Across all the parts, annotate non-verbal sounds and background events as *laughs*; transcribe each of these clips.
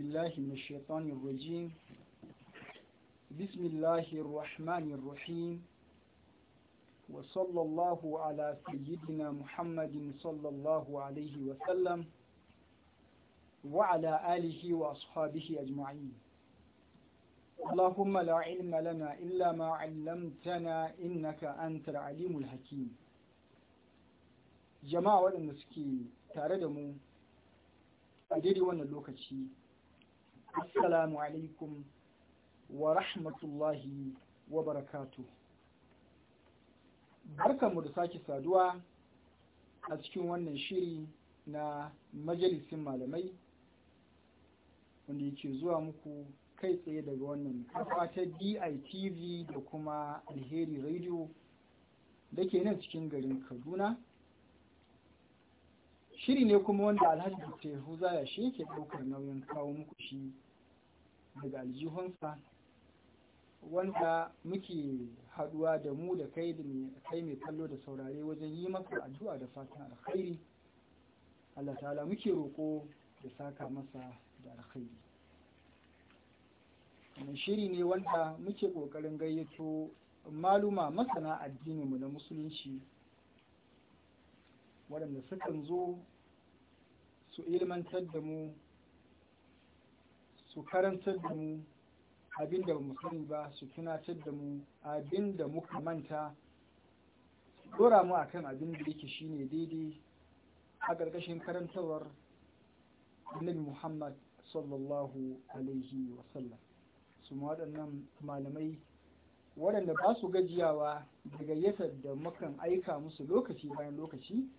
بالله من الشيطان الرجيم بسم الله الرحمن الرحيم وصلى الله على سيدنا محمد صلى الله عليه وسلم وعلى آله وأصحابه أجمعين اللهم لا علم لنا إلا ما علمتنا إنك أنت العليم الحكيم jama'a waɗanda suke tare da mu a daidai wannan lokaci assalamu alaikum wa rahmatullahi wa barakatu barkanmu da sake saduwa a cikin wannan shiri na majalisin malamai wanda yake zuwa muku kai tsaye daga wannan kafa ta DITV da kuma alheri radio da ke nan cikin garin Kaduna shiri ne kuma wanda alhaji tehu ya shi yake ɗaukar nauyin kawo muku shi daga aljihunsa wanda muke haɗuwa da mu da kai mai kallo da saurare wajen yi maka addu'a da fatan alkhairi Allah ta'ala muke roƙo da saka masa da alkhairi wannan shiri ne wanda muke ƙoƙarin gayyato maluma masana addininmu na musulunci waɗanda sukan zo su ilmantar da mu su karantar da mu abin da mu sani ba su tunatar da mu abin da muka manta dora mu akan abin da yake shine daidai a ƙarƙashin karantarwar annabi Muhammad sallallahu alaihi wasallam su waɗannan malamai waɗanda ba su gajiyawa da gayyatar da mukan aika musu lokaci bayan lokaci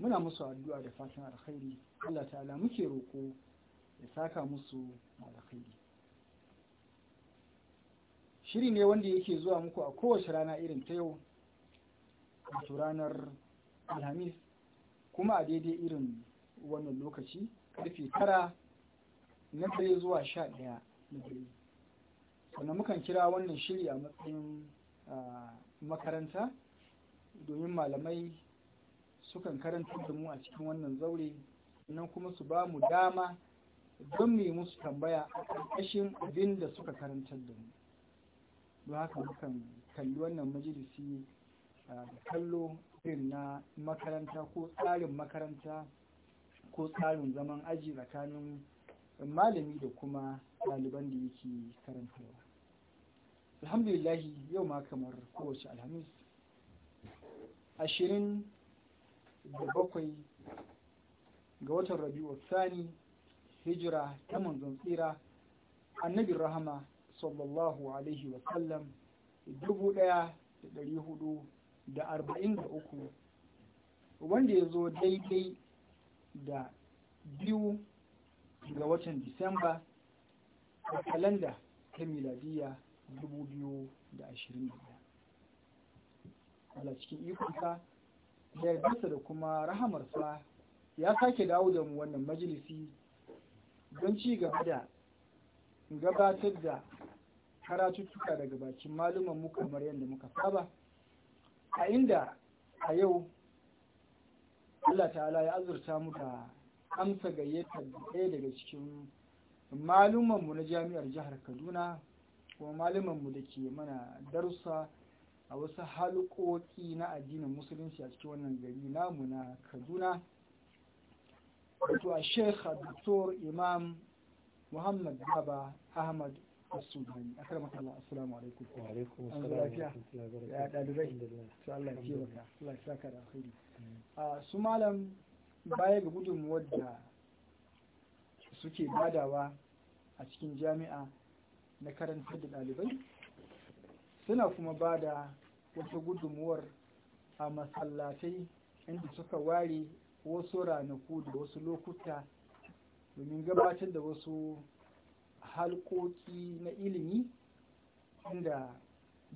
muna musu addu'a da fatan alkhairi Allah ta'ala muke roko ya saka musu alkhairi shiri ne wanda yake zuwa muku a kowace rana irin ta yau a ranar alhamis kuma a daidai irin wannan lokaci karfe tara na dare zuwa sha ɗaya na dare sannan mukan kira wannan shiri a matsayin ah, makaranta domin malamai sukan karanta da mu a cikin wannan zaure nan kuma su ba mu dama don mu yi musu tambaya a ƙarƙashin abin da suka karantar da mu don haka mukan kalli wannan majalisi da kallo irin na makaranta ko tsarin makaranta ko tsarin zaman aji tsakanin malami da kuma ɗaliban da yake karantarwa alhamdulillahi yau ma kamar kowace alhamis ashirin da bakwai ga watan rabi'u sani hijira ta manzon tsira annabi rahama sallallahu alaihi wa sallam dubu ɗaya da ɗari hudu da arba'in da uku wanda ya zo daidai da biyu ga watan disamba a kalanda ta miladiya dubu biyu da ashirin cikin ikonsa da yardarsa da kuma rahamarsa ya sake dawo da mu wannan majalisi don ci gaba da gabatar da karatuttuka daga bakin maluman mu kamar yadda muka saba a inda a yau Allah ta'ala ya azurta mu da amsa gayyatar ɗaya daga cikin malumanmu na jami'ar jihar Kaduna kuma malumanmu da ke mana darussa a wasu halƙoƙi na addinin musulunci a cikin wannan gari namu na kaduna wato a sheikh abdur imam muhammad baba ahmad asubani a kar makalla assalamu alaikum an lafiya ya ɗalibai su allah ya ka allah ya saka da alkhairi a su malam baya ga gudunmuwar da suke badawa a cikin jami'a na karanta da ɗalibai suna kuma ba da wata gudunmuwar a masallatai inda suka ware wasu ranaku da wasu lokuta domin gabatar da wasu halkoki na ilimi inda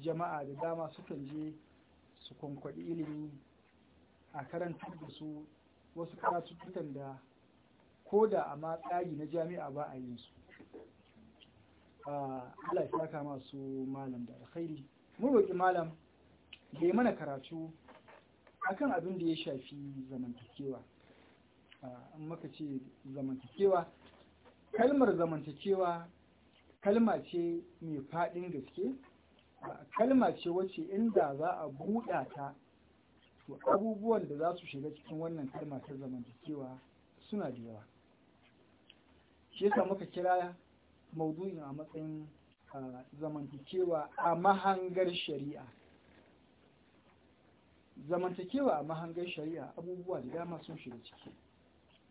jama'a da dama sukan je su kwankwaɗi ilimi a karantar da su wasu karatu da ko da a matsayi na jami'a ba a yin su Allah ya saka su malam da alkhairi mun roƙi malam da ya mana karatu akan abin da ya shafi zamantakewa an maka ce zamantakewa kalmar zamantakewa kalma ce mai faɗin gaske kalma ce wacce inda za a buɗa ta to abubuwan da za su shiga cikin wannan kalma ta zamantakewa suna da yawa shi yasa muka kira maudu'in a matsayin zamantakewa a mahangar shari'a zamantakewa a mahangar shari'a abubuwa da dama sun shiga ciki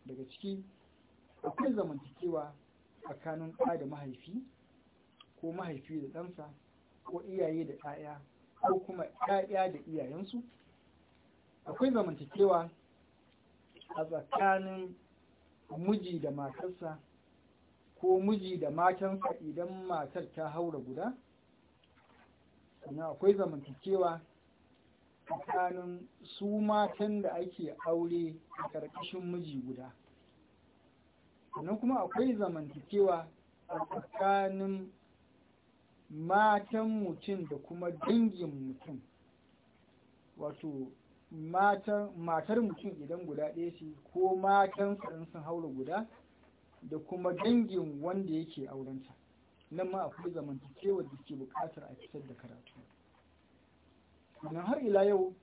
daga ciki akwai zamantakewa tsakanin ɗa da mahaifi ko mahaifi da ɗansa ko iyaye da ɗaya ko kuma ɗaya da iyayensu akwai zamantakewa a tsakanin miji da matarsa ko miji da matansa idan matar ta haura guda ina akwai zamantakewa tsakanin su matan da ake aure a ƙarƙashin miji guda sannan kuma akwai zamantakewa a tsakanin matan mutum da kuma dangin mutum wato matar mutum idan guda ɗaya ce ko matan sun haura guda da kuma dangin wanda yake aurenta nan ma akwai zamantakewar da ke bukatar a fitar da karatu nan har ila yau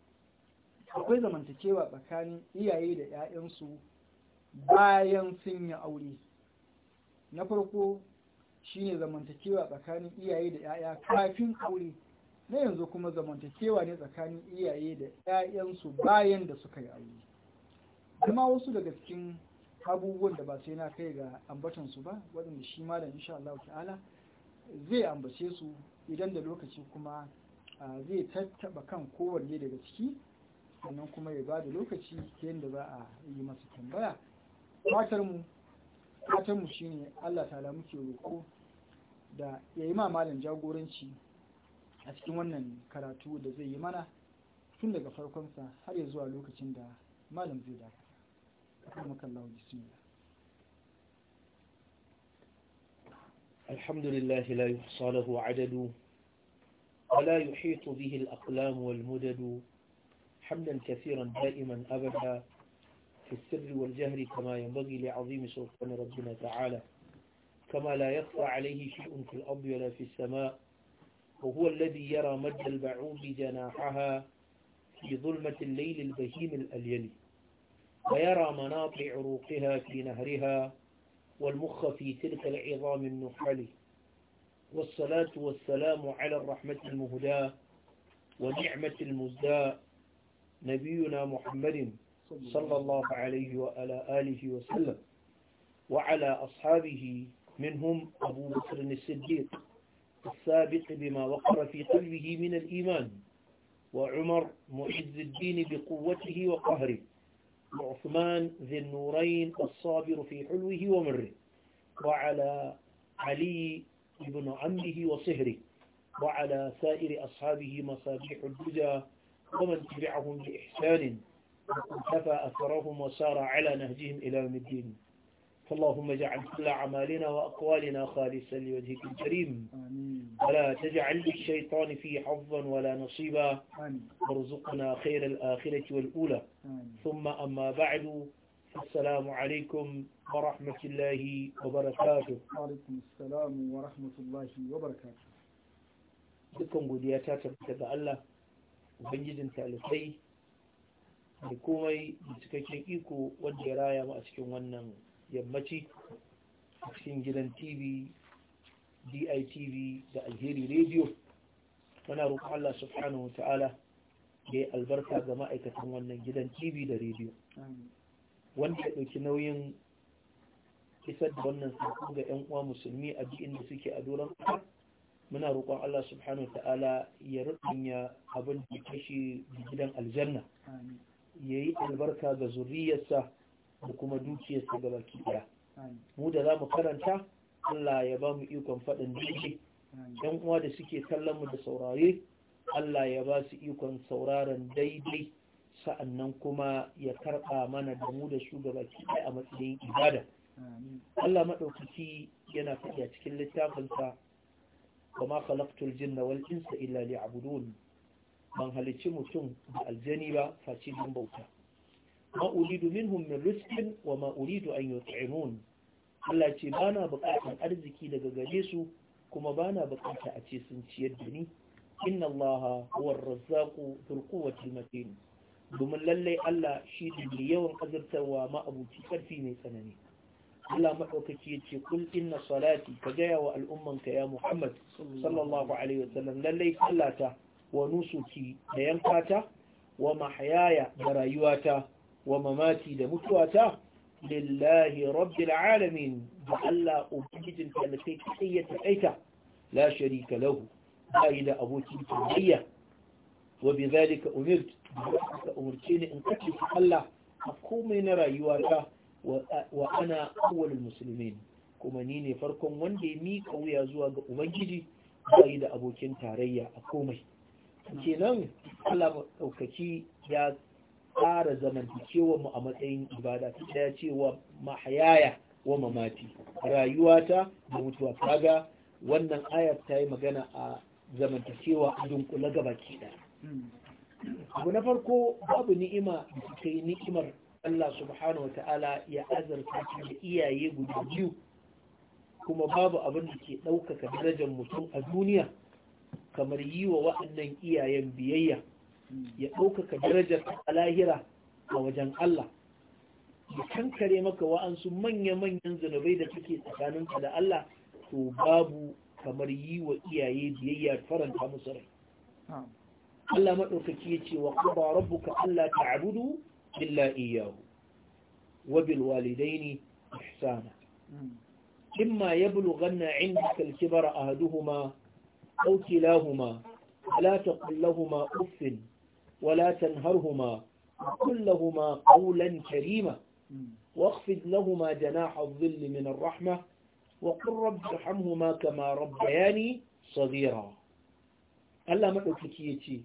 akwai zamantakewa tsakanin iyaye da 'ya'yansu bayan sun yi aure na farko shi ne zamantakewa tsakanin iyaye da 'ya'ya kafin aure na yanzu kuma zamantakewa ne tsakanin iyaye da 'ya'yansu bayan da suka yi aure kuma wasu daga cikin abubuwan da ba sai na kai ga ambatansu ba waɗanda shi malam insha Allah ta'ala zai ambace su idan da lokaci kuma zai tattaba kan kowanne daga ciki sannan kuma ya ba da lokaci yadda za a yi masa tambaya fatarmu fatarmu shi ne Allah ta'ala muke roƙo da ya yi malam jagoranci a cikin wannan karatu da zai yi mana tun daga farkonsa har ya zuwa lokacin da malam zai dafa رحمك الله بسم الله الحمد لله لا يحصى له عدد ولا يحيط به الأقلام والمدد حمدا كثيرا دائما أبدا في السر والجهر كما ينبغي لعظيم سلطان ربنا تعالى كما لا يخفى عليه شيء في الأرض ولا في السماء وهو الذي يرى مد البعوض جناحها في ظلمة الليل البهيم الأليل ويرى مناط عروقها في نهرها والمخ في تلك العظام النحل والصلاة والسلام على الرحمة المهداة ونعمة المزداء نبينا محمد صلى الله عليه وعلى آله وسلم وعلى أصحابه منهم أبو بكر الصديق السابق بما وقر في قلبه من الإيمان وعمر معز الدين بقوته وقهره وعثمان ذي النورين الصابر في حلوه ومره وعلى علي ابن عمه وصهره وعلى سائر أصحابه مصابيح الهدى ومن تبعهم بإحسان وكفى أثرهم وسار على نهجهم إلى يوم الدين فاللهم اجعل كل أعمالنا وأقوالنا خالصا لوجهك الكريم ولا تجعل للشيطان فيه حظا ولا نصيبا وارزقنا خير الآخرة والأولى ثم أما بعد السلام عليكم ورحمة الله وبركاته وعليكم السلام ورحمة الله وبركاته لكم godiya ta الله ga Allah ubangijin talibai da komai da cikakken iko yammaci a cikin gidan tv ditv da alheri radio muna roƙon Allah subhanahu wa ta'ala da albarka ga ma'aikatan wannan gidan tv da radio wanda ya ɗauki nauyin isar da wannan sako ga 'yan uwa musulmi a duk inda suke a doron ƙasa muna roƙon Allah subhanahu wa ta'ala ya rubunya abin da kashi gidan aljanna ya yi albarka ga zuriyarsa da kuma dukiyarsa ga baki daya mu da za mu karanta Allah ya ba mu ikon faɗin daidai yan uwa da suke kallon mu da saurare Allah ya ba su ikon sauraron daidai sa'annan kuma ya karɓa mana da mu da su shugabaki ɗaya a matsayin ibada Allah maɗaukaki yana faɗi a cikin littafinsa wa ma khalaqtul jinna wal insa illa liya'budun ban halicci mutum da aljani ba face din bauta ma uridu minhum min rizqin wa ma uridu an yut'imun Allah ce bana bukatar arziki daga gare su kuma bana bukata a ce sun ciyar da ni inna Allah huwa ar-razzaqu dhul quwwati matin domin lallai Allah shi ne yawan azurtarwa ma abuci karfi mai tsanani Allah maɗaukaki yace kul inna salati ka gaya wa al'ummanka ya Muhammad sallallahu alaihi wasallam lallai sallata wa nusuki da yankata wa mahayaya da rayuwata wa mamati da mutuwata lillahi rabbil alamin da Allah ubangijin talakai kai ya taƙaita la sharika lahu ba da abokin tarayya wa bi zalika umirt ka umarce ni in kace Allah a komai na rayuwata wa ana awwalul muslimin kuma ni ne farkon wanda ya mika wuya zuwa ga ubangiji ba da abokin tarayya a komai kenan Allah ɗaukaki ya tsara zamantakewar mu a matsayin ibada ta ya cewa mahayaya wa mamati ta da mutuwa kaga wannan ayar ta yi magana a zamantakewa a dunkula gaba ke da abu na farko babu ni'ima da suka ni'imar Allah subhanahu wa ta'ala ya azarta da iyaye guda biyu kuma babu abin da ke ɗaukaka darajar mutum a duniya kamar yi wa waɗannan iyayen biyayya ya ɗaukaka darajar a lahira a wajen Allah ya kankare maka wa'ansu manya-manyan zunubai da suke tsakaninka da Allah to babu kamar yi wa iyaye biyayya faranta musu rai Allah maɗaukaki ya ce wa ƙaba rabbuka Allah ta'budu illa iyyahu wa bil walidaini ihsana imma yablughanna 'indaka al-kibara ahaduhuma aw kilahuma فلا تقل لهما أف ولا تنهرهما وقل لهما قولا كريما واخفض لهما جناح الظل من الرحمة وقل رب ارحمهما كما ربياني صغيرا ألا مدوكيتي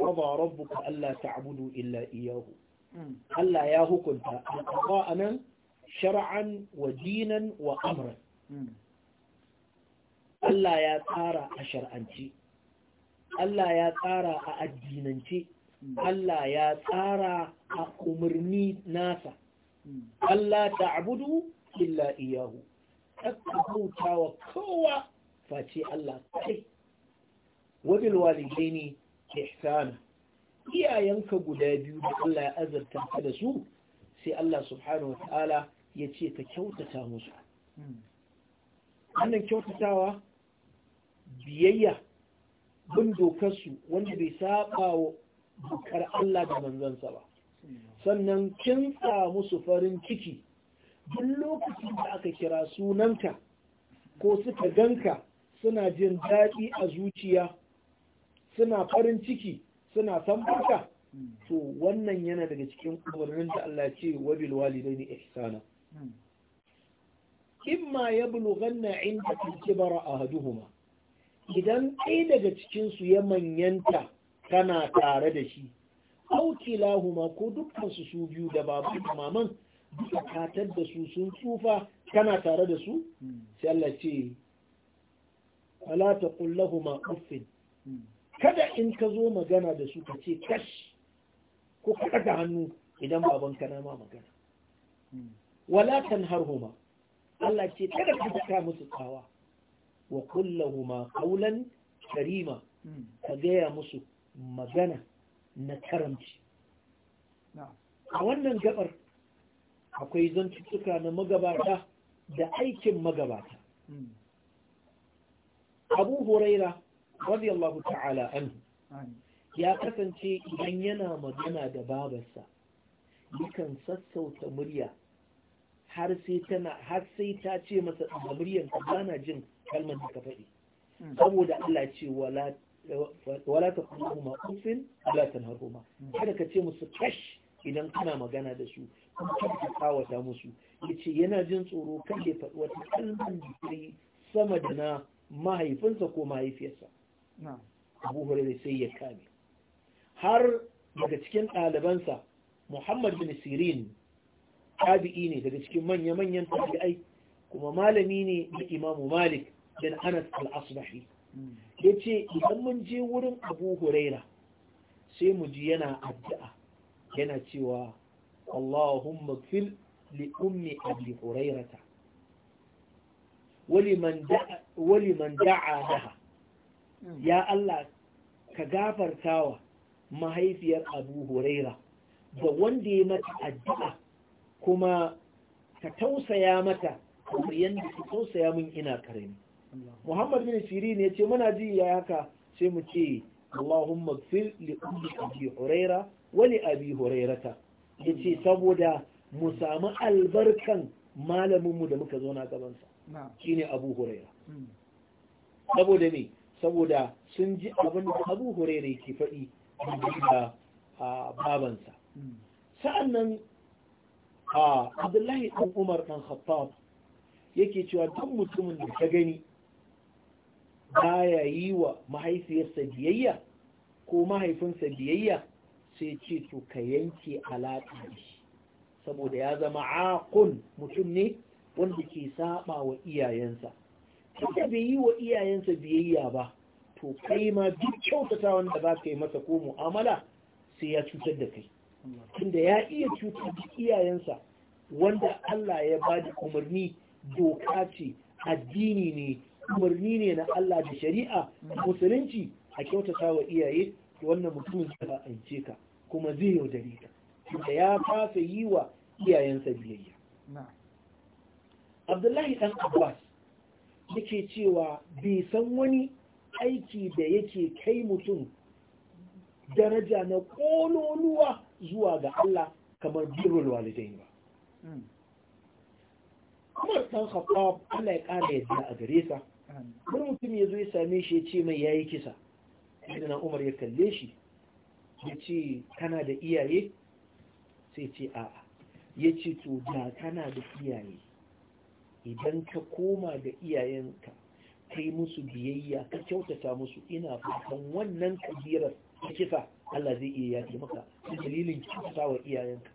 وقضى ربك ألا تعبدوا إلا إياه ألا ياهو كنت قضاءنا شرعا ودينا وأمرا ألا يا تارى أشر أنتي Allah ya tsara a addinance Allah ya tsara a umarni nasa Allah ta abudu illa iyahu kakka wa kowa face Allah kai wabil ne ihsana iyayenka guda biyu da Allah ya azarta ka da su sai Allah subhanahu wataala ya ce ka kyautata musu hmm. wannan kyautatawa biyayya bin dokarsu wanda bai saba wa dokar Allah da manzansa ba sannan kin musu farin ciki duk lokacin da aka kira sunanka ko suka ganka suna jin daɗi a zuciya suna farin ciki suna tambarka to wannan yana daga cikin umarnin da Allah ce wa bil walidaini ihsana hmm. imma yablughanna 'inda al-kibara ahaduhuma idan ɗaya daga cikinsu ya manyanta kana tare da shi lahuma ko dukkansu su biyu da babu da maman duka katar da su sun tsufa kana tare da su sai Allah ce ala ta lahuma uffin kada in ka zo magana da su ka ce kash ko ka ɗaga hannu idan baban kana ma magana hmm. wala tanharhuma Allah ce kada ka daka musu tsawa wa ma kaulan karima hmm. ka gaya musu magana na karamci a wannan gabar akwai zantuttuka na magabata da aikin magabata hmm. abu huraira radiyallahu ta'ala anhu ya kasance idan yana magana da babarsa yakan sassauta murya har sai ta ce masa da bana jin kalmar da ka faɗi hmm. saboda Allah ce wala wala ta kuma ma wala ta hmm. kada ka ce musu kash idan kana magana da su kuma kada ka tsawata musu yace yana jin tsoro kada ya faɗi wata kalmar da sama da na mahaifinsa ko mahaifiyarsa abu hurairu sai ya kame har daga cikin ɗalibansa muhammad bin sirin tabi'i ne daga cikin manya-manyan tabi'ai kuma malami ne da imamu malik bin anas al-asbahi hmm. ya ce idan mun je wurin abu huraira sai mu ji yana addu'a yana cewa Allahumma fil li ummi abi hurairata wali man da'a daha hmm. ya Allah ka gafartawa mahaifiyar abu huraira da wanda ya mata addu'a kuma ka tausaya mata kamar yadda ka tausaya min ina karami muhammad bin sirin ya ce muna ji ya haka sai mu ce allahumma fil li ummi abi huraira wa li abi hurairata yace saboda mu samu albarkan malamin mu da muka zo na gaban sa shine abu huraira hmm. saboda me saboda sun ji abin da abu huraira yake faɗi da babansa hmm. sa'annan a abdullahi ɗan umar ɗan khattab yake cewa duk mutumin da ka gani baya yi wa mahaifiyarsa biyayya ko mahaifinsa biyayya sai ce to ka yanke alaƙa saboda ya zama aqun mutum ne wanda ke saba wa iyayensa kuma bai yi wa iyayensa biyayya ba to kai ma duk kyautata wanda za ka yi masa ko mu'amala sai ya cutar da kai tunda ya iya cutar da iyayensa wanda Allah ya ba da umarni doka ce addini ne umarni ne na Allah da shari'a musulunci a kyautata wa iyaye wannan mutum zai ba'ance ka kuma zai yaudare ka da ya fasa yi wa iyayensa biyayya abdullahi ɗan abbas yake cewa bai san wani aiki da yake kai mutum daraja na ƙololuwa zuwa ga Allah kamar birrul walidai ba hmm. Umar ɗan Khattab Allah ya ƙara yadda a gare sa wani mutum ya zo ya same shi ya ce mai ya yi kisa na umar ya kalle shi ya ce kana da iyaye sai ce a'a ya ce to da kana da iyaye idan ka koma da iyayenka kai musu biyayya ka kyautata musu ina fatan wannan kabirar ta kisa Allah zai iya yaki maka da dalilin kyautata wa iyayenka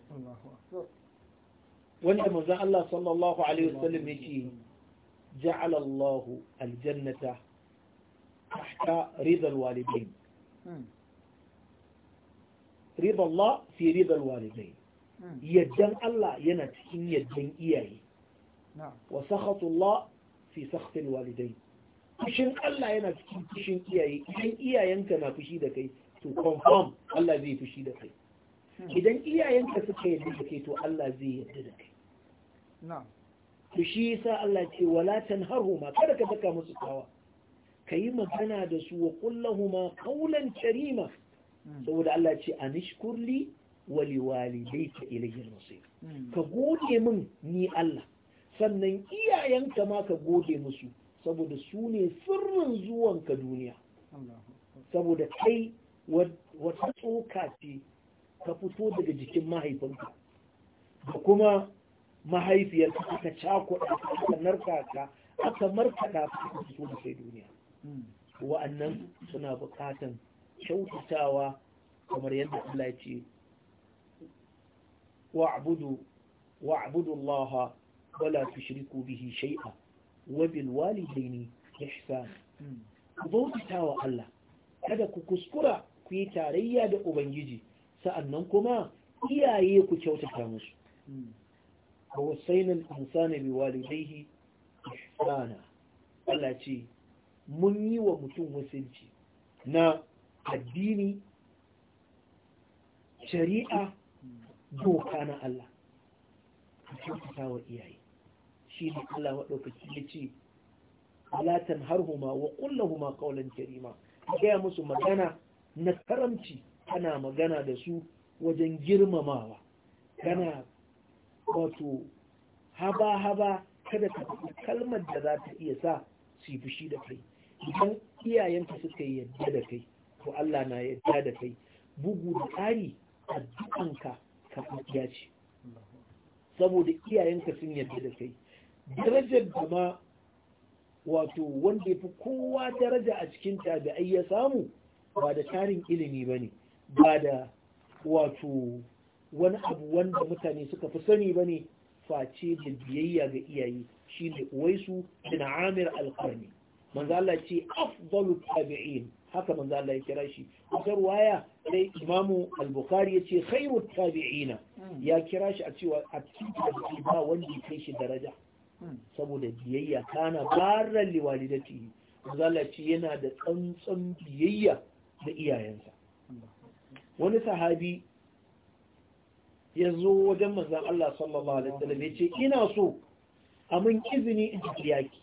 wanda manzon Allah sallallahu alaihi wasallam ya ce جعل الله الجنة تحت رضا الوالدين رضا الله في رضا الوالدين يدن الله ينت إن يدن إياه نعم. وسخط الله في سخط الوالدين كشن الله ينت كشن إياه كشن إياه ينتنا في كي تو كونفرم الله ذي في شيدك إذا إياه ينتنا في شيدك تو الله زي يددك نعم to shi yasa Allah ce wala tanharhuma kada ka taka musu kawa kayi magana da su wa kullahuma qawlan karima hmm. saboda Allah ce anishkurli wa liwalidayka ilayya al hmm. ka gode min ni Allah sannan iyayenka ma ka gode musu saboda su ne sirrin zuwanka duniya saboda kai wata tsoka ce ka fito daga jikin mahaifinka da kuma mahaifiyar aka cakuɗa aka narka ka aka markaɗa aka fito da kai duniya wa'annan suna buƙatan kyautatawa kamar yadda Allah ce wa'budu wa'budu Allah wala tushriku bihi shay'a wa bil walidaini ihsan ku bautawa Allah kada ku kuskura ku yi tarayya da ubangiji sa'annan kuma iyaye ku kyautata musu ووصينا الإنسان بوالديه إحسانا Allah ce mun yi wa mutum wasilci na addini shari'a doka na Allah a kyautata wa iyaye shi ne Allah maɗaukaki ya ce alatan harhuma wa kullahuma kaulan karima gaya musu magana na karamci Kana magana da su wajen girmamawa kana wato haba-haba kada ka faɗi kalmar da za ta iya sa su yi fushi da kai idan iyayenka suka yi yadda da kai to Allah na yadda da kai bugu da tsari a dukanka ka faɗiya ce saboda iyayenka sun yadda da kai darajar da ma wato wanda ya fi kowa daraja a cikin tabi'ai ya samu ba da tarin ilimi ba ne ba da wato wani abu wanda mutane suka fi sani ba ne face da biyayya ga iyaye shi ne uwaisu bin amir alkarni manzo Allah ce afdalu tabi'in haka Manzala ya kira shi kasar waya sai imamu al-bukhari ya ce khairu tabi'ina ya kira shi a cewa a cikin ba wanda ya kai shi daraja hmm. saboda biyayya kana barar liwalidati ce yana da tsantsan biyayya da iyayensa hmm. wani sahabi ya zo wajen manzan Allah sallallahu alaihi wasallam ya ce ina so a mun izini in tafi yaki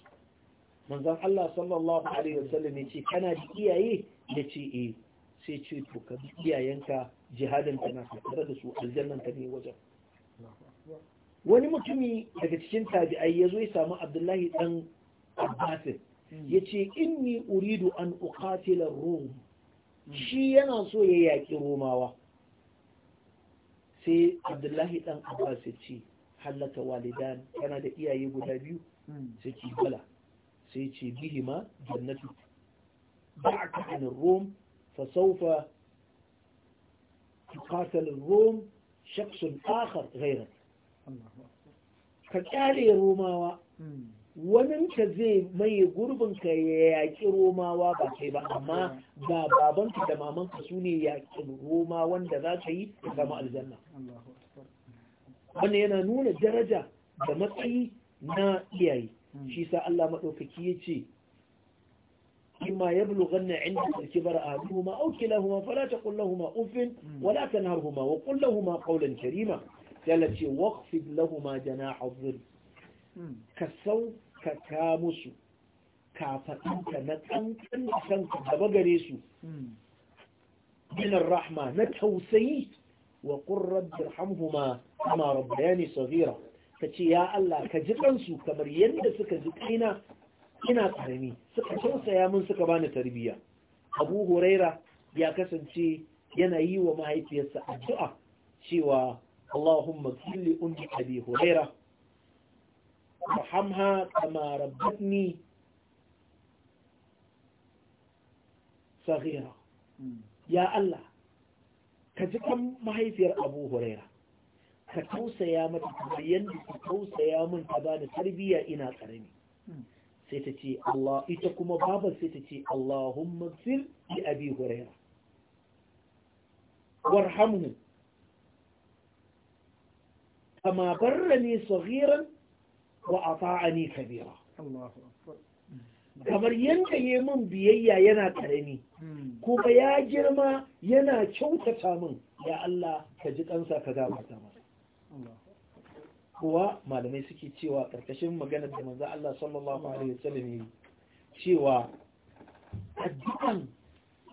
manzan Allah sallallahu alaihi wasallam ya ce kana da iyaye ya ce e sai ce to ka bi iyayenka jihadin ka na tare da su aljannan ta ne wajen wani mutumi daga cikin tabi'ai ya zo ya samu Abdullahi ɗan Abbasin ya ce inni uridu an uqatila rum shi yana so ya yaki romawa sai abdullahi dan abbas ya ce hallaka walidan yana da iyaye guda biyu sai ki bala sai ce bihima jannatu ba'aka an rum fa sawfa tuqatal rum shakhs akhar ghayrak ka kyale romawa hmm. waninka zai maye ka ya yaƙi romawa ba kai ba amma ba babanka da mamanka su ne yaƙi roma wanda za ka yi ka zama aljanna wannan yana nuna daraja da matsayi na iyaye hmm. shi sa Allah maɗaukaki ya ce imma ya bulu ganna inda sarki bar a huma auki lahuma fara ta ufin hmm. wala ta nahar huma wa kulla huma kaulan karima ya ce waqfid lahuma jana'a zirk ka saukaka musu kafaɗinka na ƙanƙan da kanka gaba gare su Binar rahma na tausayi wa ƙurrar dirhamhuma kama rabbayani sahira ka ce ya Allah ka ji kansu kamar yadda suka ji kaina ina karami suka tausaya min suka bani tarbiyya abu huraira ya kasance yana yi wa mahaifiyarsa addu'a cewa Allahumma kulli unji abi huraira fahamha kama rabbatni saghira ya Allah ka ji kan mahaifiyar Abu Huraira ka tausaya mata kamar yanda ka tausaya min ta bani tarbiyya ina karami sai ta ce Allah ita kuma babar sai ce Allahumma fir li Abi Huraira warhamhu kama barrani saghiran wa ata'ani kabira kamar yadda ya min biyayya yana karami kuma ya girma yana kyautata min ya Allah ka ji kansa ka gafarta masa kuwa malamai suke cewa karkashin maganar da manzo Allah sallallahu alaihi wasallam yi cewa addu'an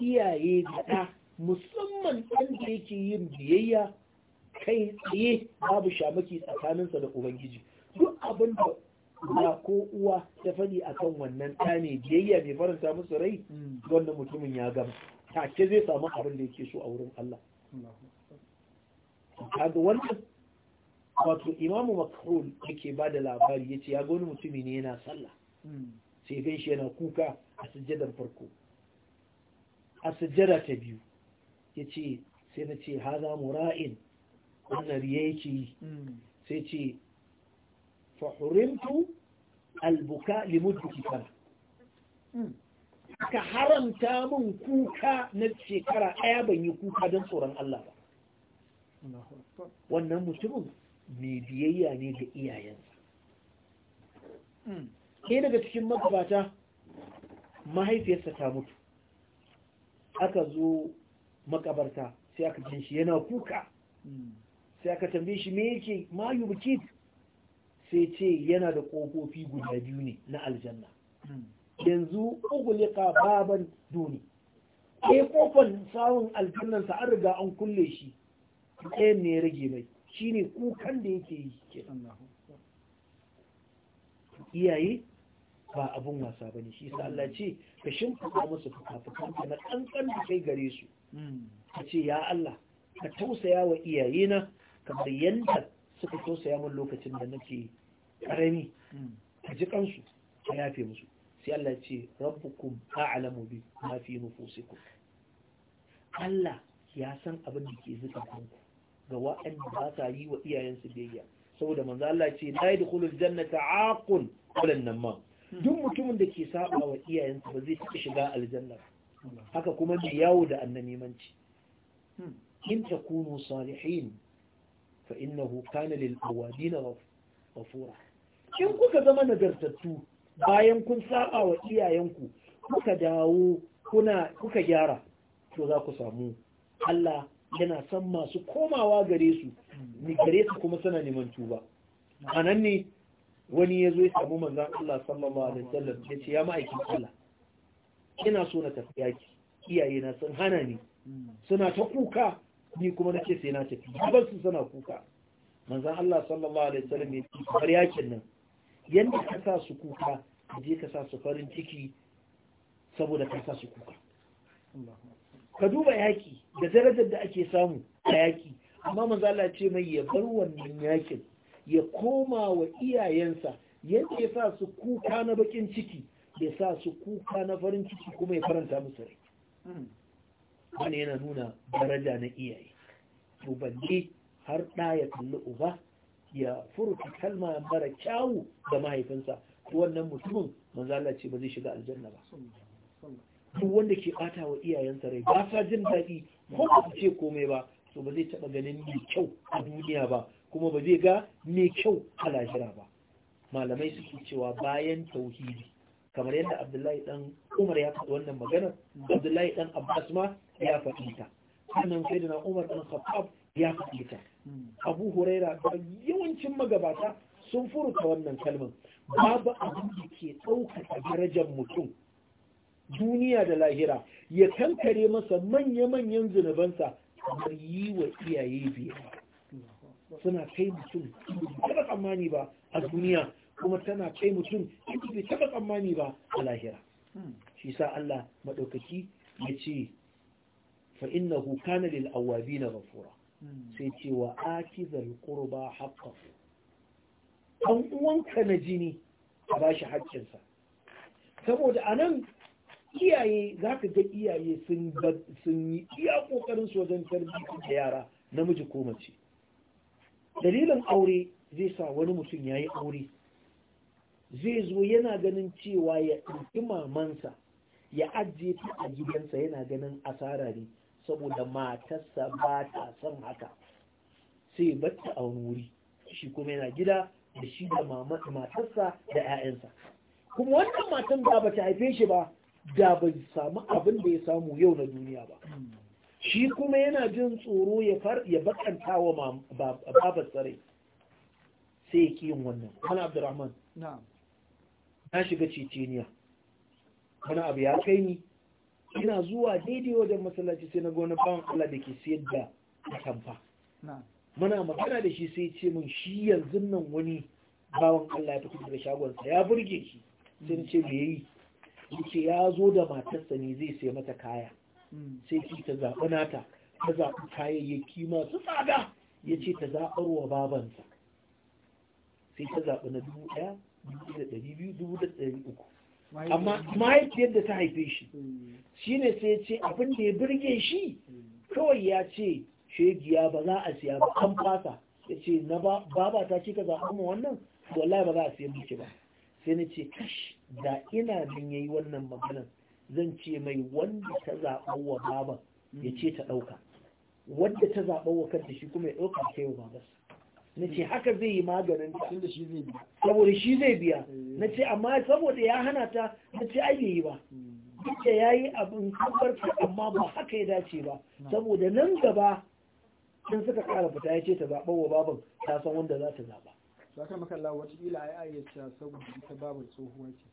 iyaye da musamman ɗan da yake yin biyayya kai tsaye babu shamaki tsakaninsa da ubangiji duk abin da ba ko uwa ta faɗi akan wannan ɗa ne biyayya mai faranta musu rai mm. wannan mutumin ya gama ke zai samu abin da yake so a wurin Allah kaga wannan wato imamu ya yake ba da labari ya ce ya ga wani mutumi ne yana sallah mm. sai gan shi yana kuka a sujjadar farko a sujjada ta biyu ya ce sai na ce haza mura'in wannan riya yake yi mm. sai ce fahurintu albuka لمدة kifar ka haramta min kuka na shekara ɗaya ban yi kuka don tsoron Allah ba wannan mutumin mai biyayya ne da iyayensa ke daga cikin magabata mahaifiyarsa ta mutu aka zo makabarta sai aka jin yana kuka sai aka tambaye shi me yake mayu bukit sai ce yana da ƙofofi guda biyu ne na aljanna hmm. yanzu ka baban duni ɗaya ƙofar samun sa an riga an kulle shi ɗayan ne ya rage mai shi ne kukan da yake yi ke iyaye ba abin wasa ba ne shi sa ka shimfiɗa musu fuka-fukanka na ƙanƙan da kai gare su hmm. ka ce ya Allah ka tausaya wa iyayena kamar yadda suka saya min lokacin da nake karami hmm. a ji kansu a yafe musu sai Allah ce rabbukum a'lamu bi ma fi nufusikum Allah ya san abin da ke zukatanku ga waɗanda ba sa yi wa iyayensu biyayya saboda manzo Allah ce la yadkhulul jannata aqun wala ma hmm. duk mutumin da ke saba wa iyayensa ba zai taɓa shiga aljanna haka kuma mai yawo da annabi manci hmm. in takunu salihin fa innahu kana lil in kuka zama nagartattu bayan kun saba wa iyayenku kuka dawo kuna kuka gyara to za ku samu Allah yana san masu komawa gare su ni gare su kuma suna neman tuba anan ne wani ya zo ya samu manzan Allah sallallahu alaihi wasallam ya ce ya ma'aikin Allah ina so na tafi yaki iyaye sun hana ni suna ta kuka ni kuma na ce sai na tafi ba su sana kuka manzan Allah sallallahu alaihi wasallam ya ce kamar yakin nan yanda ka sa su kuka je ka sa su farin ciki saboda ka sa su kuka ka duba yaki da darajar da ake samu a yaki amma manzan Allah ya ce mai ya bar wannan yakin ya koma wa iyayensa yanda ya sa su kuka na bakin ciki ya sa su kuka na farin ciki kuma ya faranta musu rai wani yana nuna daraja na iyaye to balle har ɗa ya kalli uba ya furta kalma mara kyawu da mahaifinsa wannan mutumin manzala ce ba zai shiga aljanna ba duk wanda ke bata wa iyayensa rai ba sa jin daɗi ko ba ce komai ba to ba zai taɓa ganin mai kyau a duniya ba kuma ba zai ga mai kyau a lahira ba malamai suke cewa bayan tauhidi kamar yadda abdullahi dan umar ya faɗi wannan maganar, abdullahi dan abbas ma ya faɗi ta sannan sai na umar ɗan khattab ya faɗi abu huraira da yawancin magabata sun furta wannan kalmar babu abin da ke ɗaukaka darajar mutum duniya da lahira ya kankare masa manya-manyan zunubansa kamar yi wa iyaye biya suna kai mutum taɓa tsammani ba a duniya kuma tana kai mutum bai taɓa tsammani ba a lahira shi sa Allah maɗaukaki ya ce fa innahu kana lil awabin ghafura hmm. sai cewa wa akizal qurba haqqan an uwanka na jini a bashi haƙƙinsa saboda anan iyaye zaka ga iyaye sun yi iya kokarin su wajen tarbiyyar da yara namiji ko mace dalilin aure zai sa wani mutum yayi aure zai zo yana ganin cewa ya ɗauki mamansa ya ajiye ta a gidansa yana ganin asara ne saboda matarsa ba ta son haka sai batta a wani wuri shi kuma yana gida da shi da matarsa da 'ya'yansa kuma wannan matan da ba ta haife shi ba da ba samu abin da ya samu yau na duniya ba shi kuma yana jin tsoro ya bakanta wa babar tsare sai ya kiyin wannan wani abdurrahman na shiga ceceniya wani abu ya kai ni ina zuwa daidai wajen masallaci sai na gona bawan Allah da ke siyar da atamfa muna magana da shi sai ce min shi yanzu nan wani bawan Allah ya fito daga shagonsa ya burge shi sai na ce me yi yace ya zo da matarsa ne zai sai mata kaya hmm. sai ki ta zaɓi nata ta zaɓi kayayyaki masu tsada ya ce ta zaɓar wa babansa sai ta zaɓi na dubu ɗaya dubu da ɗari biyu dubu da ɗari uku amma mahaifiyar da ta haife shi hmm. shi ne sai ce abin da ya birge shi hmm. kawai ya ce shegiya ba za a siya ba an fasa ya ce na ba ta ce ka zaɓa mu wannan wallahi ba za a siya miki ba sai na ce kash da ina ya yayi wannan maganan zan ce mai wanda ta zaɓa wa baban ya ce ta ɗauka wanda ta zaɓa wa kanta shi kuma ya ɗauka ta yi wa babarsa na ce haka zai yi maganin ta saboda shi zai biya na ce amma saboda ya hana ta na ce ai yi ba duk ya yi abin ta amma ba haka ya dace ba saboda nan gaba sun suka kara fita ya ce ta zaɓa wa baban ta san wanda za ta zaɓa saka ya saboda ita tsohuwa ce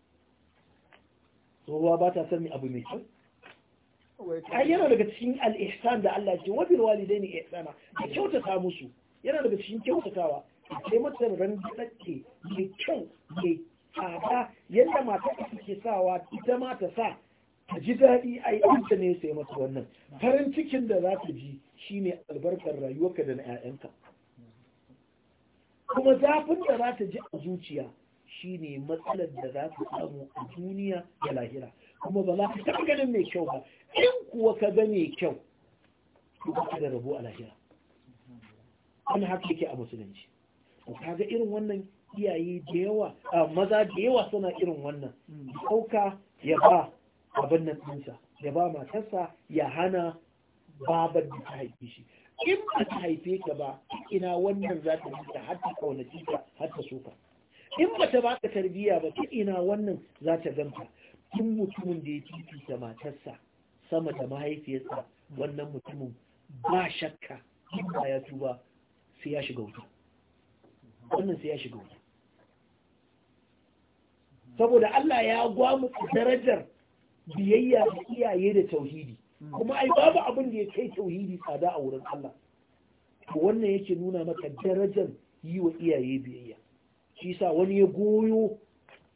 tsohuwa ba ta sani abu mai kyau ai yana daga cikin al'ihsan da Allah ce wa bil walidaini ihsana ka kyautata musu yana daga cikin kyautatawa sai matar randaɗe mai kyau mai tsada yadda mata ke sawa ita ma ta sa ta ji daɗi a yi ɗanta ne sai mata wannan farin cikin da za ta ji shine albarkar rayuwarka da na 'ya'yanka kuma zafin da za ta ji a zuciya shine matsalar da za ta samu a duniya da lahira kuma ba za ta ganin mai kyau ba in kuwa ka ga mai kyau ba ka da rabo a lahira an haka yake a musulunci kaga irin wannan iyaye da yawa maza da yawa suna irin wannan ɗauka ya ba abin nan ɗinsa ya ba matarsa ya hana babar da ta haife shi in ba ta haife ka ba ina wannan za ta rika har ta kaunaci ka har ta suka in ba ta baka tarbiyya ba ta ina wannan za ta ganta in mutumin da ya da matarsa sama da mahaifiyarsa wannan mutumin ba shakka in ba ya tuba sai ya shiga wuta wannan sai ya shiga wuta saboda Allah ya gwamu darajar biyayya da iyaye da tauhidi kuma ai babu abin da ya kai tauhidi tsada a wurin Allah to wannan yake nuna maka darajar yi wa iyaye biyayya shi sa wani ya goyo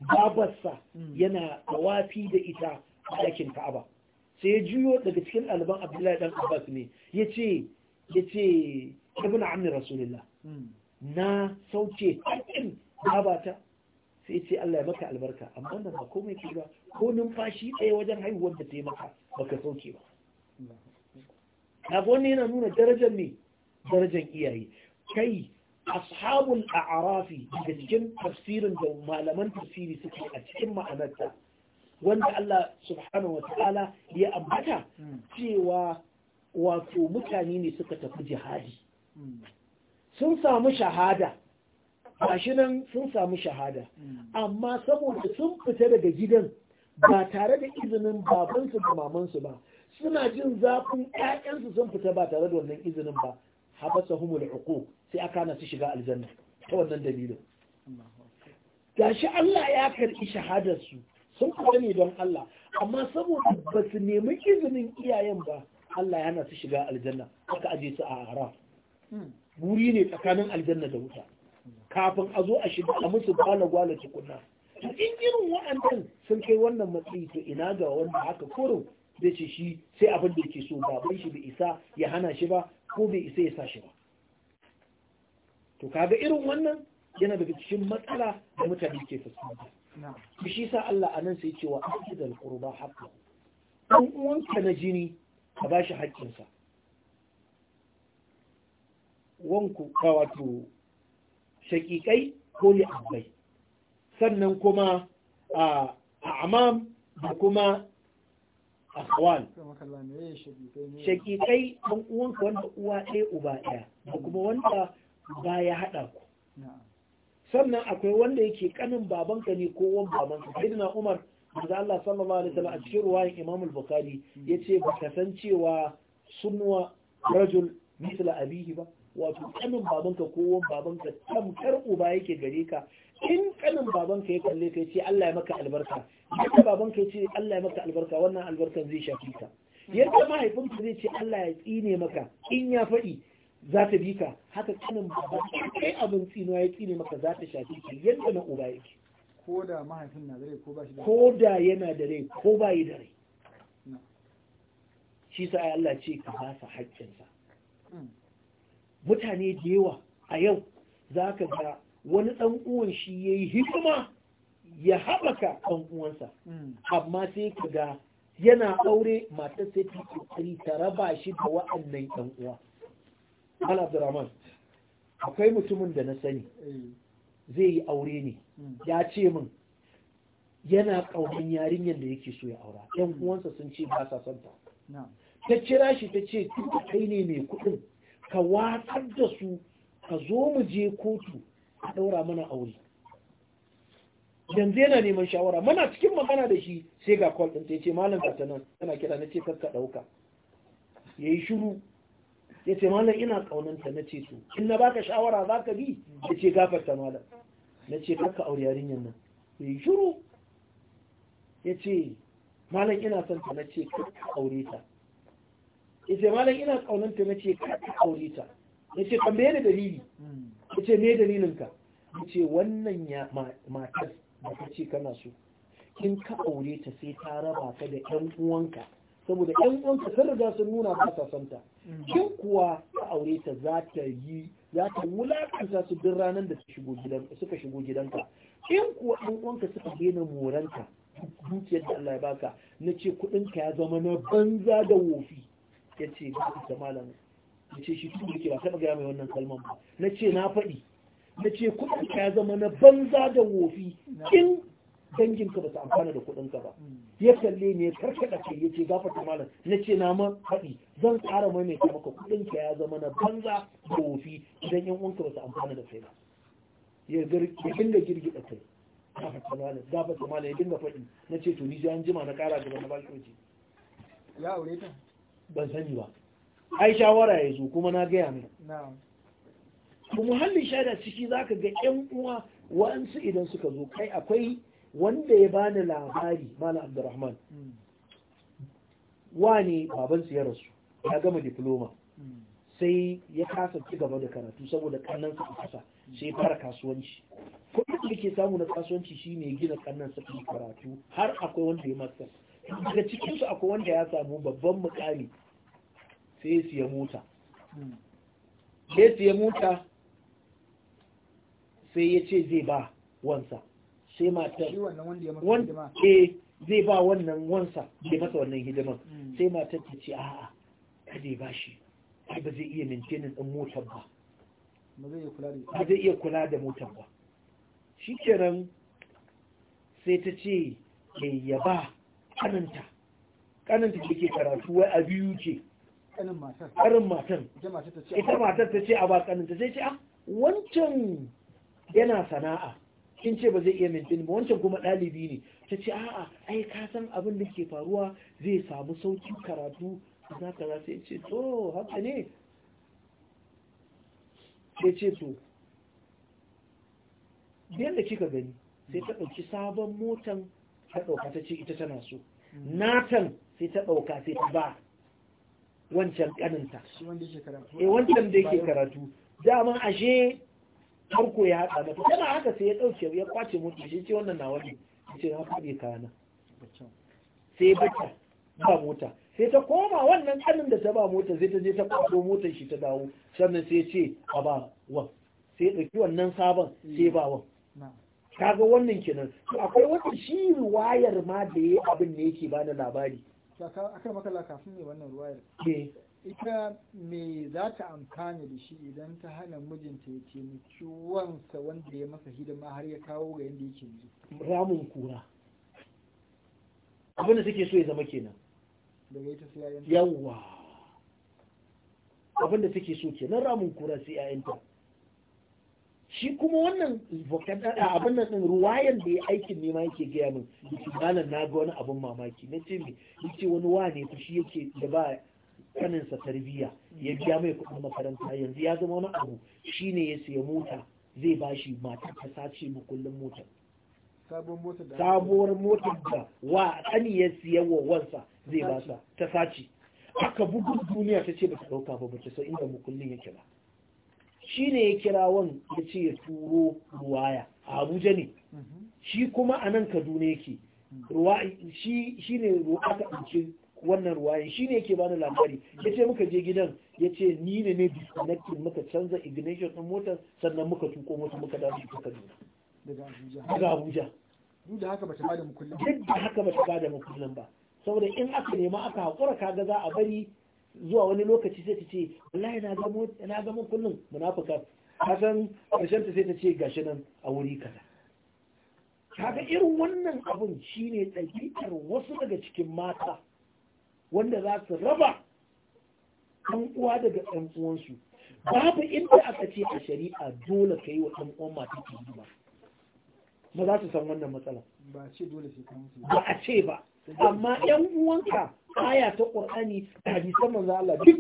babarsa yana tawafi da ita a ɗakin Ka'aba sai ya juyo daga cikin ɗaliban Abdullahi dan Abbas ne yace yace ibn ammi rasulillah hmm. na sauke hakkin babata sai ce Allah ya maka albarka amma nan ba komai ke ba ko numfashi ɗaya wajen haihuwar da ta yi maka baka sauke ba abu wannan yana nuna darajar ne darajar iyaye kai ashabul a'rafi daga cikin tafsirin da malaman tafsiri suke a cikin ma'anarta wanda Allah subhanahu wa ya ambata hmm. cewa wato mutane ne suka tafi jihadi sun samu shahada shi nan sun samu shahada amma saboda sun fita daga gidan ba tare da izinin babansu da mamansu ba suna jin zafin ƴaƴansu sun fita ba tare da wannan izinin ba habasa da uku sai aka na su shiga aljanna ta wannan dalilin gashi Allah ya karɓi shahadar su sun fita ne don Allah amma saboda ba su nemi izinin iyayen ba Allah ya hana su shiga aljanna aka aje su a haram guri ne tsakanin aljanna da wuta kafin a zo a shiga a musu gwala-gwala tukuna in irin waɗannan sun kai wannan matsayi to ina ga wanda haka kurin zai ce shi sai abin da ke so bai shi bai isa ya hana shi ba ko bai isa ya sa shi ba to kaga irin wannan yana daga cikin matsala da mutane ke fuskanta shi sa Allah anan sai cewa aqidal qurba haqqan dan uwanka na jini ka bashi haƙƙinsa wanku ka wato shakikai ko li'abbai sannan kuma a amam da kuma a akhwal shakikai ɗan uwanka wanda uwa ɗaya uba ɗaya da kuma wanda ba ya haɗa ku sannan akwai wanda yake kanin babanka ne ko wan babanka sai na umar da Allah sallallahu alaihi wasallam a cikin ruwayan Imam al-Bukhari yace ba ka san cewa sunwa rajul misla abihi ba wato kanin babanka ko wan babanka tamkar uba yake gare ka in kanin babanka ya kalle ka ce Allah ya maka albarka yadda babanka ya ce Allah ya maka albarka wannan albarkan zai shafi ka yadda mahaifinka zai ce Allah ya tsine maka in ya faɗi za ta bi ka haka kanin babanka kai abin tsino ya tsine maka za ta shafi ka yadda na uba yake ko da mahaifin na da ko ba shi da ko da yana da rai ko ba yi da rai shi sa Allah ce ka ba sa haƙƙinsa hmm. mutane da yawa a yau za ka ga wani ɗan uwan shi ya yi hikima ya haɓaka ɗan uwansa hmm. amma sai ka ga yana aure matar sai ta ta raba shi da wa'annan ɗan uwa Al akwai mutumin da na sani eh. zai yi aure ne hmm. ya ce min yana ƙaunin yarinyar da yake so ya aura ɗan hmm. uwansa sun ce ba sa son ta ta kira shi ta ce kai ne mai kuɗin ka watsar da su ka zo mu je kotu a ɗaura mana aure yanzu yana neman shawara mana cikin magana da shi sai ga kwal ɗin ta ce malam ka sanar tana kira na ce karka ɗauka ya yi shuru ya ce malam ina ƙaunanta na ce su in na baka shawara za ka bi ya ce gafarta malam na ce karka aure yarinyar nan ya yi shuru ya ce malam ina son ta na ce karka aure ta yace malam ina kaunanta na ce ka aure ta nace ka kan da dalili hmm. ce me dalilin ka ce wannan ya matar da ce kana so kin ka aure ta sai ta raba ka da ƴan uwanka saboda ƴan uwanka sun riga sun nuna ba sa santa kin hmm. kuwa ka aure ta za ta yi za ta wulakanta su duk ranar da suka shigo gidanka in kuwa ɗan uwanka suka daina moranka dukiyar da Allah ya baka na ce kuɗinka ya zama na banza da wofi ya ce ba ta malam ya ce shi tun da ba taɓa gaya mai wannan kalman ba na ce na faɗi na ce kuɗin ya zama na banza da wofi kin danginka ba su amfana da kuɗinka ba ya kalle ne karkaɗa ke ya ce gafarta malam na ce na ma faɗi zan tsara mai mai maka kuɗinka ya zama na banza da wofi idan yan uwanka ba su amfana da kai ba ya dinga girgida kai gafarta malam gafarta malam ya dinga faɗi na ce to ni ji an jima na ƙara gaba na ba shi ya aure ta ban sani ba ai shawara ya zo kuma na gaya mai Ku muhallin shaida ciki za ka ga yan uwa wa'ansu idan suka zo kai akwai wanda ya bani labari malam abdurrahman hmm. wa su ya rasu ya gama diploma hmm. sai ya kasa ci gaba da karatu saboda kannan su kasa sai fara kasuwanci kuɗin da ke samu na kasuwanci shine gina kannan su karatu har akwai wanda ya masters daga cikinsu akwai wanda ya samu babban mukami sai ya siya mota ya mota sai ya ce zai ba wansa sai matar eh, zai ba wannan wansa zai masa wannan hidimar hmm. sai matar ta ce a'a kada ba shi ba zai iya mintenin din motar ba ba zai iya kula da motar ba shi kenan sai ta ce eh, ya ba karanta karanta da ke karatu wai a biyu ce karin matan ita matar ta ce a ba karanta sai ce a ah, wancan yana sana'a kin ce ba zai iya mintin ba wancan kuma ɗalibi ne ta ce a'a ai ka san abin da ke faruwa zai samu sauki karatu za ka za sai ce to haka ne sai ce to yadda kika gani sai ta ɗauki sabon motan ta ɗauka ta ce ita tana so hmm. natan sai ta ɗauka sai ta ba wancan ƙaninta e wancan da yake karatu dama ashe harko ya haɗa mata tana haka sai ya ɗauke ya kwace mutu shi ce wannan na wani ya ce na faɗi kana sai bata ba mota sai ta koma wannan ƙanin da ta ba mota sai ta je ta kwado motar shi ta dawo sannan sai ce a ba wa sai ɗauki wannan sabon sai ba wa hmm. kaga wannan kenan to akwai wata shi ruwayar ma da yayi abin ne yake bani labari akai maka la kafin ne wannan ruwayar eh ita me za ta amfana da shi idan ta hana mijinta ya miki wansa wanda ya masa hidima har ya kawo ga yadda yake yanzu Ramun kura abin da take so ya zama kenan daga ita sai yawa abin da take so kenan ramun kura sai ya yanta. shi kuma wannan abin nan din ruwayan da ya aikin nema yake gaya min yace malam na ga wani abin mamaki na ce me yace wani wane ne shi yake da ba kanin sa tarbiyya ya biya mai kuɗin makaranta yanzu ya zama wani abu shine ya siya mota zai bashi matar ta sace mu kullum motar sabuwar motar da wa ɗani ya siya wa wansa zai basa ta sace aka bugun duniya ta ce ba ta ɗauka ba ba ta so inda mukullin yake ba shi ne ya wan ya ce ya turo ruwaya a abuja ne shi kuma a nan kaduna yake shi ne aka ɗauki wannan ruwayan shi ne yake bani labari ya ce muka je gidan ya ce ni ne ne disconnected muka canza ignition ɗin motar sannan muka tuko motar muka dace ta kaduna daga abuja duk da haka bata bada mukullin ba saboda in aka nema aka haƙura kaga za a bari zuwa wani lokaci sai ta ce wallahi na gamo na gamo kullum munafika kasan karshen ta sai ta ce gashi nan a wuri kaza kaga irin wannan abun shine ɗabi'ar wasu daga cikin mata wanda za su raba ɗan uwa daga ɗan uwansu babu inda aka ce a shari'a dole ka yi wa ɗan uwan mata ki ba ba za su san wannan matsala ba a ce ba amma 'yan uwanka aya ta ƙur'ani a jisar manzan Allah duk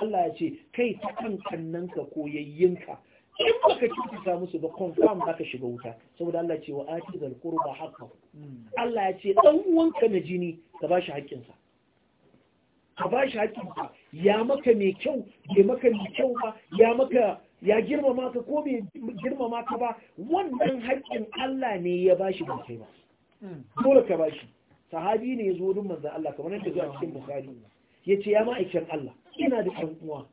Allah ya ce kai ta kan kannanka koyayyinka in baka kyautata musu ba confirm ka shiga wuta saboda Allah ce wa ati zal ba haka Allah ya ce ɗan uwanka na jini ka ba shi haƙƙinsa ka ba bashi haƙƙinsa ya maka mai kyau ya maka mai kyau ba ya maka ya girmama ka ko bai girmama ka ba wannan haƙƙin Allah ne ya bashi ba kai ba hmm. dole ka shi. sahabi ne ya zo wurin manzan Allah kamar yadda zuwa cikin Bukhari ya ce ya ma'aikin Allah ina da ɗan uwa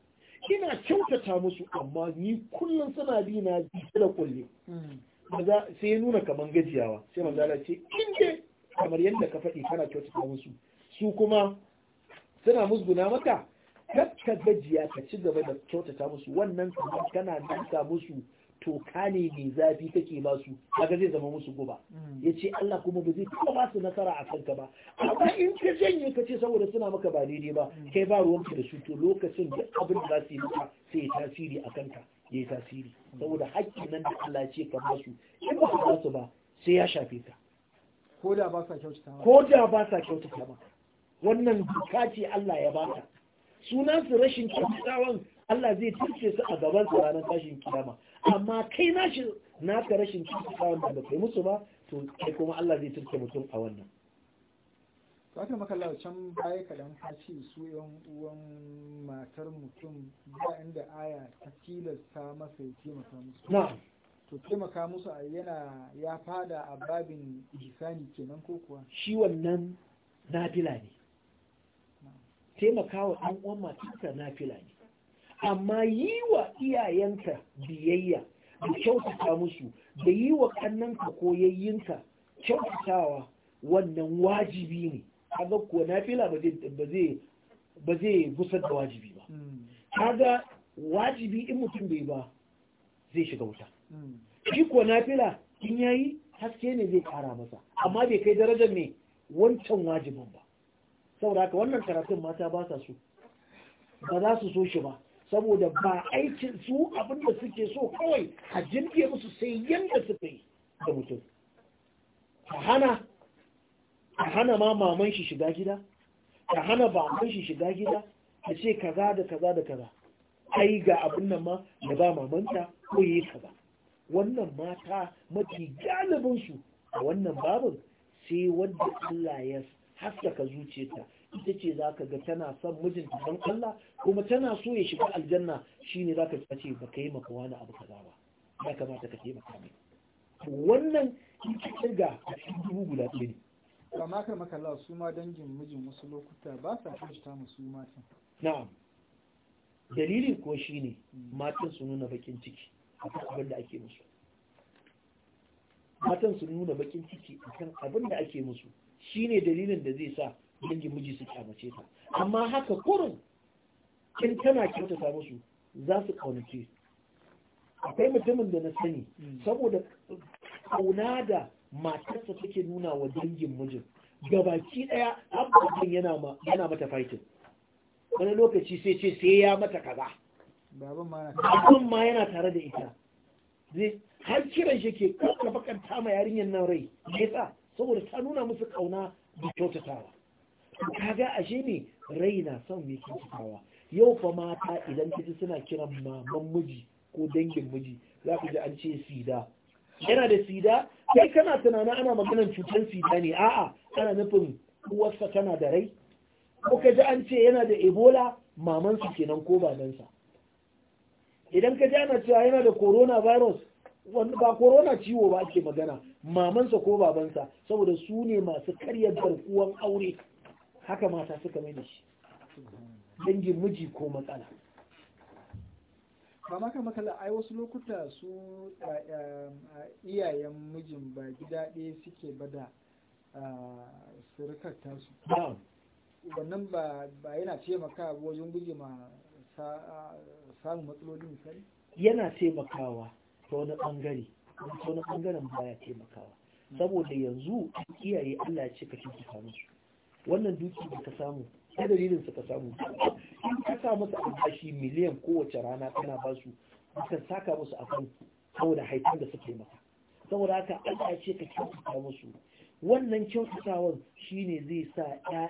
ina kyautata musu amma ni kullum suna bi na da kulle sai ya nuna kamar gajiyawa sai manzo Allah ce in kamar yadda ka faɗi kana kyautata musu su kuma suna musguna maka kakka gajiya ka ci gaba da kyautata musu wannan kamar kana musu toka ne mai zafi kake ba su kaga zai zama musu guba mm. ya ce Allah kuma ba zai kuma ba su nasara a kanka ba amma in ka janye ka ce saboda suna maka ba daidai ba mm. kai ba ruwanka da su to lokacin da abin da za su yi maka sai ya tasiri a kanka ya yi tasiri mm. saboda haƙƙi nan da Allah ce ka ba su in ba ka ba su ba sai ya shafe ka ko da ba sa kyautata ko da ba sa kyautata maka wannan duka ce Allah ya baka sunan su rashin kyautatawan Allah zai turce su a gaban su ranar tashin kiyama amma kai na ka rashin kyautatawa da ba musu ba to kai kuma Allah zai turke mutum a wannan wata makalla can baya kaɗan ta ce su yan uwan matar mutum ba inda aya ta tilasta masa ya taimaka musu to taimaka musu a yana ya fada a babin ihsani kenan ko kuwa shi wannan nafila ne taimaka wa ɗan uwan matarsa nafila ne amma yi wa iyayenka biyayya da kyautata musu da yi wa kannanka ko kyautatawa wannan wajibi ne kaga kuwa fila ba zai gusar da wajibi ba hmm. kaga wajibi in mutum bai ba zai shiga wuta hmm. shi kuwa fila in yayi haske ne zai kara masa amma bai kai darajar ne wancan wajibin ba saboda haka wannan karatun mata ba sa so ba za su so shi ba saboda ba aikin su abinda suke so kawai a jirge musu sai yadda suka yi da mutum ka hana ka hana ma maman shi shiga gida ka hana maman shi shiga gida ka ce kaza da kaza da kaza ai ga abin nan ma da ba mamanta ko yi kaza wannan mata mafi galibinsu a wannan babin sai wadda Allah ya haskaka zuciyarta ita ce za ka ga tana son mijinta don Allah kuma tana so ya shiga aljanna Shi ne za ka ce ba ka yi maka wani abu kaza ba ya kamata ka taimaka mai wannan cikin ga a cikin dubu guda ɗaya ne ba ma kar su ma dangin mijin wasu lokuta ba sa kyautata musu matan na'am dalilin ko ne matan su nuna bakin ciki akan abin da ake musu matan su nuna bakin ciki akan abin da ake musu shine dalilin da zai sa dangin miji su kyamace ta amma haka kurin kin tana kyautata musu za su kaunace akwai mutumin da na sani hmm. saboda kauna da matarsa take nuna wa dangin mijin gabaki daya abokin yana yana mata fighting wani lokaci sai ce sai ya mata kaza babban ma yana tare da ita zai har kiran shi ke kakka bakanta ma yarinyar nan rai nesa saboda ta nuna musu kauna da kyautatawa kaga ashe ne rai na son mai kyautatawa yau fa mata idan kiji suna kiran maman miji ko dangin miji za ka ji an ce sida yana da sida kai kana tunanin ana maganar cutar sida ne a'a ana nufin uwarsa tana da rai ko ka ji an ce yana da ebola mamansa kenan ko babansa idan kaji ana cewa yana da coronavirus ba corona ciwo ba ake magana mamansa ko babansa saboda su ne masu karya garkuwan aure haka mata suka mai da shi dangin miji ko matsala ba maka makala ai wasu lokuta su iyayen mijin ba gida ɗaya suke bada surukar tasu wannan ba yana taimakawa wajen guje ma samun matsaloli misali yana taimakawa ta wani ɓangare ta wani ɓangaren baya taimakawa hmm. saboda yanzu iyaye Allah ya ce ka cikin musu wannan duki da ka samu sai dalilin ka samu in ka sa masa albashi miliyan kowace rana kana ba su ka saka musu akan saboda haifar da suke maka saboda haka Allah ce ka kyautata musu wannan kyautatawan shine zai sa ka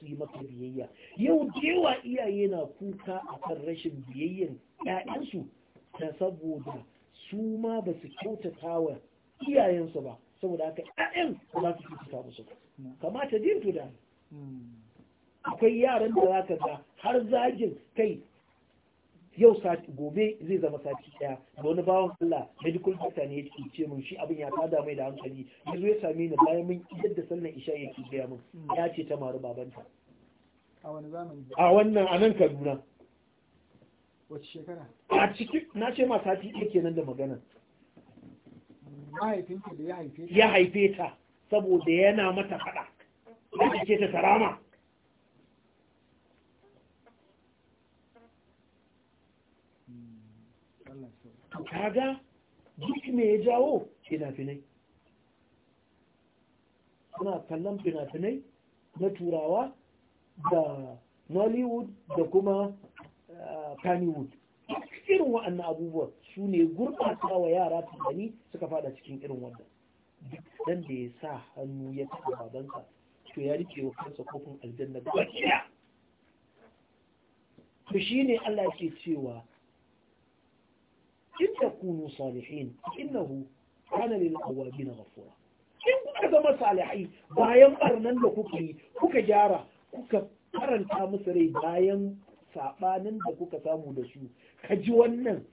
su yi maka biyayya yau jewa iyaye na kuka akan rashin biyayyan 'ya'yansu, ta saboda su ma ba su kyautata wa iyayensu ba saboda haka ƴaƴan ba za su kyautata musu kamata dintu da akwai yaran da za ka ga har zagin kai yau sati gobe zai zama sati daya da wani bawan Allah medical doctor ne ya ce mun shi abin ya kada mai da hankali yanzu ya same ni bayan mun idar da sallan isha yake gaya mun ya ce ta maru babanta a wani zamani a wannan a nan Kaduna wace shekara a cikin na ce ma sati ɗaya kenan da magana da ya haife ya haife ta saboda yana mata faɗa da ke ta sarama kaga duk me ya jawo fina-finai suna kallon finafinai na turawa da nollywood da kuma eh, kannywood irin wa'annan abubuwa su ne gurɓata wa yara tunani suka fada cikin irin wannan duk da ya sa hannu ya taɓa babansa to ya rike wa kansa kofin aljanna ba to shine Allah ke cewa in takunu salihin innahu kana lil awabin ghafura in kuka zama salihai bayan barnan da kuka yi kuka gyara kuka karanta musu rai bayan sabanin da kuka samu da su ka ji wannan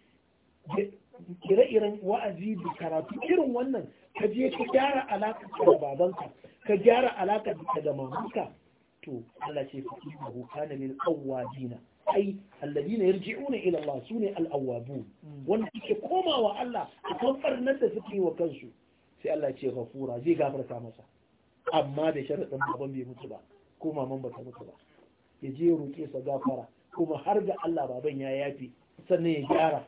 ire-iren wa'azi da karatu irin wannan ka je ka gyara alaƙa da babanka ka gyara alaƙa da mamanka to Allah ce fa innahu kana min awwabina ai alladina yarji'una ila Allah sune al-awwabun wanda suke komawa Allah akan barnar da suke wa kansu sai Allah ce ghafura zai gafarta masa amma da sharadin baban bai mutu ba ko maman ba ta mutu ba ya je roƙe sa gafara kuma har ga Allah baban ya yafi sannan ya gyara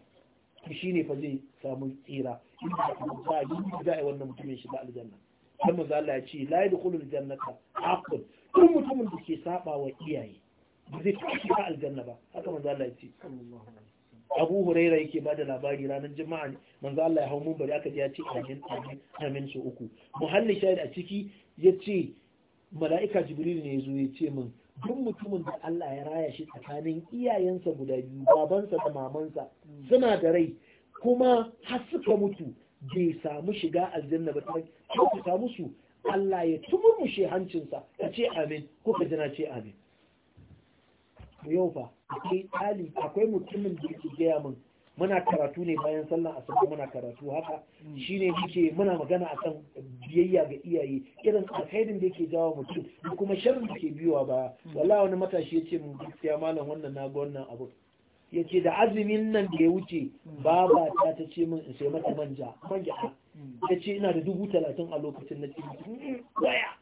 to ne fa zai samu tsira inda ba yi da wannan mutumin shi ba aljanna sai manzo Allah ya ce la yadkhulul jannata aqul duk mutumin da ke saba wa iyaye ba zai tafi ba aljanna ba haka manzo Allah ya ce Abu Huraira yake bada labari ranar Juma'a ne manzo Allah ya hau mun bari aka ji ya ce amin amin amin su uku muhalli shahid a ciki yace mala'ika Jibril ne yazo ya ce min duk mutumin da Allah ya raya shi tsakanin iyayensa guda biyu babansa da mamansa suna da rai kuma har suka mutu bai samu shiga aljanna ba ko ku samu su Allah ya shi hancinsa ka ce amin ko ka jira ce amin yau fa akwai akwai mutumin da ke gaya min muna karatu ne bayan sallan asuba muna karatu haka hmm. shine muke muna magana a kan biyayya ga iyaye irin alkhairin da yake jawo mutum da kuma sharrin da ke biyowa ba hmm. wallahi wani matashi ya yace mun gaskiya malam wannan na ga wannan abu yace da azumin nan da ya wuce hmm. baba ta ta ce min in sai mata manja manja ta ce ina da dubu talatin a lokacin na ce waya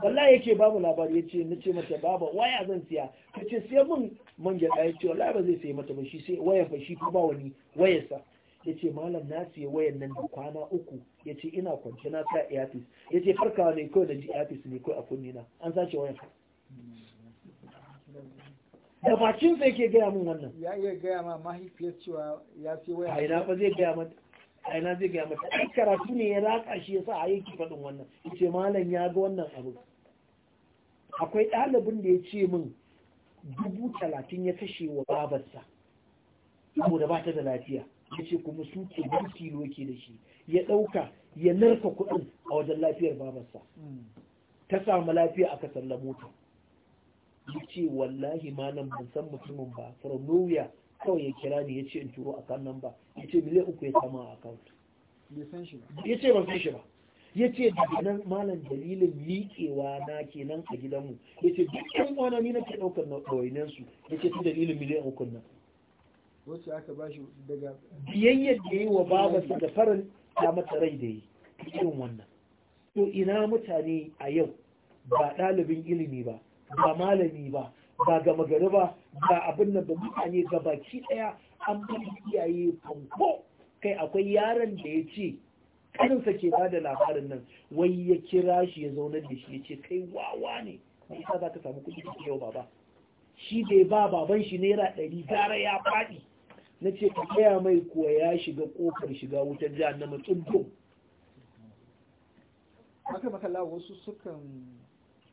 wallahi yake babu labari yace na ce mata baba waya zan siya kace siya mun ga dai yace wallahi ba zai sai mata ba shi sai waya fa shi ba wani sa yace malam na siya wayar nan da kwana uku yace ina kwance na sa earpiece yace farkawa ne kawai da ji earpiece ne kawai a kunne na an sace fa da bakin sai yake gaya mun wannan ya iya gaya ma mahaifiyar cewa ya sai waya ai na ba zai gaya mata a ina zai gaya mata ɗan karatu ne ya raka shi yasa a yake faɗin wannan yace malam ya ga wannan abu akwai ɗalibin da ya ce min dubu talatin ya kashe wa babarsa saboda ba ta da lafiya ya ce kuma su ke kilo ke da shi ya ɗauka ya narka kuɗin a wajen lafiyar babarsa ta samu lafiya aka sallamo ta ya ce wallahi malam ban san mutumin ba from nowhere kawai ya kira ni ya ce in turo a nan ba ya ce miliyan uku ya samu a account ya ce ban san shi ba ya ce daga nan malam dalilin miƙewa na kenan a gidanmu ya ce duk ɗan kwana ni nake ɗaukar na ɗawainan su ya ce ta dalilin miliyan uku nan wacce aka ba shi daga biyayyar da yi wa babarsa da farin ta mata rai da yi irin wannan to ina mutane a yau ba ɗalibin ilimi ba ba malami ba ba gama gari ba ga abin nan da mutane ga baki ɗaya an bari iyaye fanko kai akwai yaron da ya ce kanansa ke ba da labarin nan wai ya kira shi ya zauna da shi ya ce kai wawa ne Ba Isa za ka samu kuɗi da yau baba shi da ba baban shi naira ɗari gara ya faɗi na ce ka gaya mai kuwa ya shiga ƙofar shiga wutar jihar na matsundum haka wasu sukan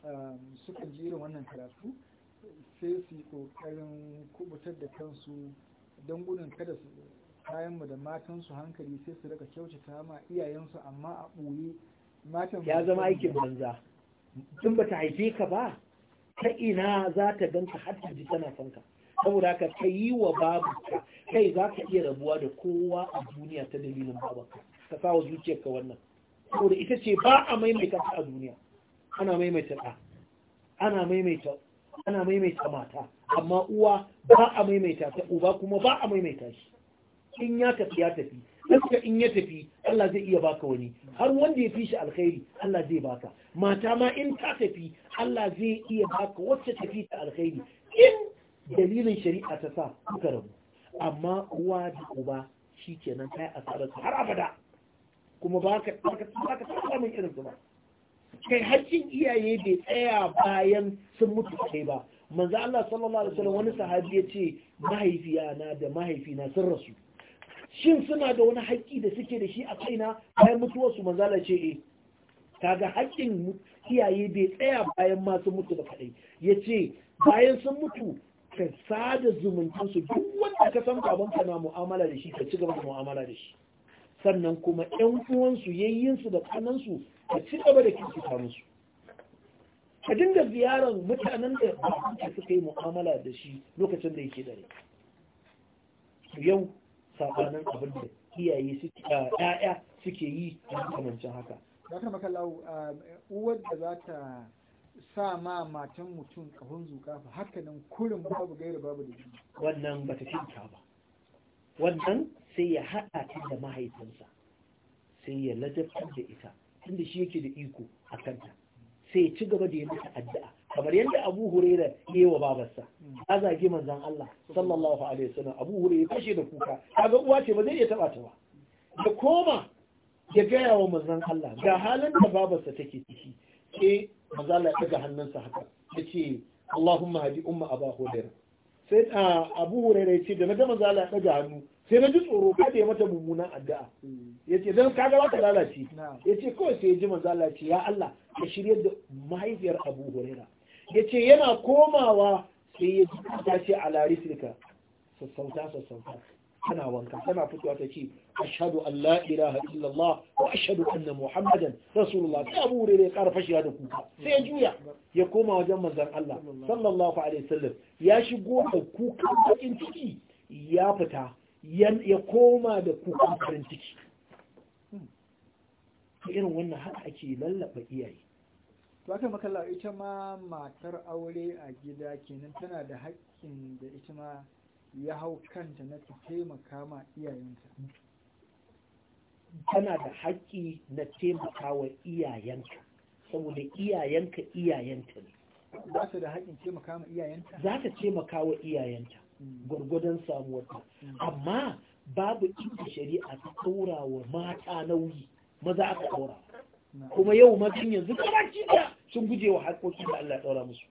um, sukan wannan karatu sai su yi ƙoƙarin kubutar da kansu don gudun kada su kayanmu da matan su hankali sai su raka kyautata ma iyayensu amma a ɓoye matan ya zama aikin banza tun ba ta haife ka ba ta ina za ta ganta har ta ji tana son ka saboda ka ta yi wa babu ka kai za ka iya rabuwa da kowa a duniya ta dalilin babanka ka sa wa ka wannan saboda ita ce ba a maimaita ta a duniya ana maimaita ɗa ana maimaita ana maimaita mata amma uwa ba a maimaita ta uba kuma ba a maimaita shi in ya tafi ya tafi gaskiya in ya tafi Allah zai iya baka wani har wanda ya fi shi alkhairi Allah zai baka mata ma in ta tafi Allah zai iya baka wacce tafi ta alkhairi in dalilin shari'a ta sa kuka rabu amma uwa da uba shikenan kai asarar har abada kuma baka baka baka samun irin su ba kai hakkin iyaye bai tsaya bayan sun mutu kai ba manzo Allah sallallahu alaihi wasallam wani sahabi ya ce na da mahaifina sun rasu shin suna da wani haƙƙi da suke da shi a kaina bayan mutuwarsu manzo Allah ce eh kaga haƙƙin iyaye bai tsaya bayan ma sun mutu da kaɗai ya ce bayan sun mutu ka sada zumuntansu duk wanda ka san ka na mu'amala da shi ka ci gaba da mu'amala da shi sannan kuma ƴan uwansu yayyinsu da ƙannansu ka ci gaba da kirkita musu ka dinga ziyarar mutanen da ba suka yi mu'amala da shi lokacin da yake dare yau sabanin abin da iyaye suke ɗaya suke yi a kamancin haka za ta makalau uwar da za ta sa ma matan mutum kahun zuka fa haka nan kurin babu gaira babu da wannan ba ta kinta ba wannan sai ya haɗa ta da mahaifinsa sai ya ladabtar da ita tunda shi yake da iko a kanta sai ya ci gaba da yi mata addu'a kamar yadda Abu Huraira ya yi wa babarsa ya zage manzon Allah sallallahu alaihi wasallam Abu Huraira ya kashe da kuka kaga uwa ce ba zai iya taba ta ba da koma ya gaya wa manzon Allah ga halin da babarsa take ciki sai manzon Allah ya daga hannunsa haka yace Allahumma hadi umma Abu Huraira sai ah, Abu Huraira ya ce da na ga manzon Allah ya daga hannu sai na ji tsoro kada ya mata mummunan addu'a mm. yace dan kaga za ta lalace yace kawai sai ya ji manzo Allah ce ya Allah ka shirye da mahaifiyar Abu Huraira yace yana komawa sai ya ji ta ce ala rislika sassauta sassauta tana wanka tana fitowa ta ce ashhadu an la ilaha illallah wa ashadu anna muhammadan rasulullah sai Abu Huraira ya kara fashiya da kuka sai ya juya ya koma wajen manzon Allah sallallahu alaihi wasallam ya shigo da kuka cikin ciki ya fita ya koma da kuka farin ciki ta irin wannan haka ake lallaba iyaye to ka makalla ita ma matar aure a gida kenan tana da haƙƙin da ita ma ya hau kanta na ta taimaka ma iyayenta tana da haƙƙi na taimaka wa iyayenka saboda iyayenka iyayenta ne za ta da haƙƙin taimaka ma iyayenta za ta taimaka wa iyayenta gwargwadon samuwarta amma babu inda shari'a ta ɗaura wa mata nauyi maza aka ɗaura kuma yau mazin yanzu kama da sun guje wa haƙoƙi da Allah ɗaura musu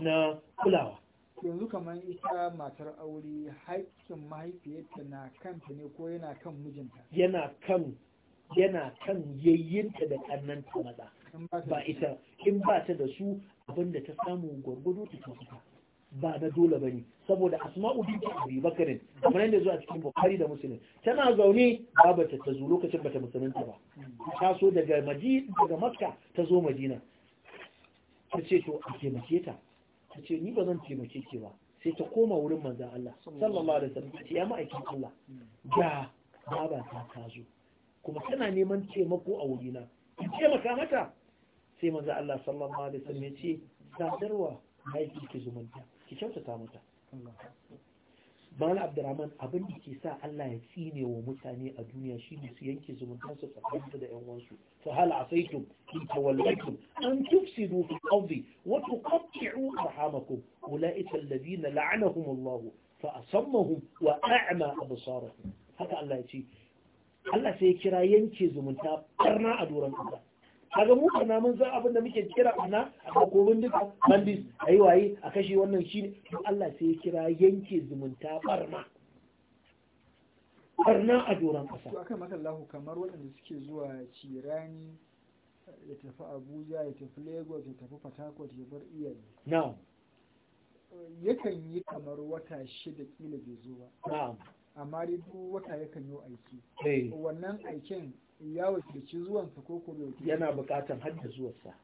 na kulawa yanzu kamar ita matar aure haƙƙin mahaifiyarta na kanta ne ko yana kan mijinta yana kan yana kan yayyinta da ƙannanta maza ba ita in ba ta da su abinda ta samu gwargwado ta tafi ba na dole bane saboda asma'u binti abi bakarin kamar yadda zuwa cikin bukhari da muslim tana zaune babata ta zo lokacin bata musulunta ba ta so daga madina daga makka ta zo madina ta ce to a ke ta ta ce ni ba zan taimake ke ba sai ta koma wurin manzon Allah sallallahu alaihi wasallam ta ce ya ma'aikin Allah ga baba ta ta zo kuma tana neman taimako a wurina in taimaka mata sai manzon Allah sallallahu alaihi wasallam ya ce sadarwa kike zumunta ki kyautata mata Mala Abdurrahman abin da ke sa Allah ya tsine wa mutane a duniya shi ne su yanke zumunta su tsakaninsu da 'yan wansu. Fa hal asaitum in tawallaitum an tufsidu fi ardi wa tuqatti'u arhamakum ulaika alladhina la'anahum Allah fa asammahum wa a'ma absarahum. Haka Allah ya ce Allah sai ya kira yanke zumunta barna a doron ƙasa. kaga mu kana mun san abin da muke kira ana a kobin duka bandis ayi waye a kashe wannan shine to Allah sai ya kira yanke zumunta barma barna a doron kasa to maka Allah kamar waɗanda suke zuwa cirani ya tafi Abuja ya tafi Lagos ya tafi Port Harcourt ya bar iyaye na'am yakan yi kamar wata shida kila bai zo ba amma dai duk wata yakan yi aiki eh. wannan aikin ya wakilci zuwansa ko kuma yana bukatan hadda zuwansa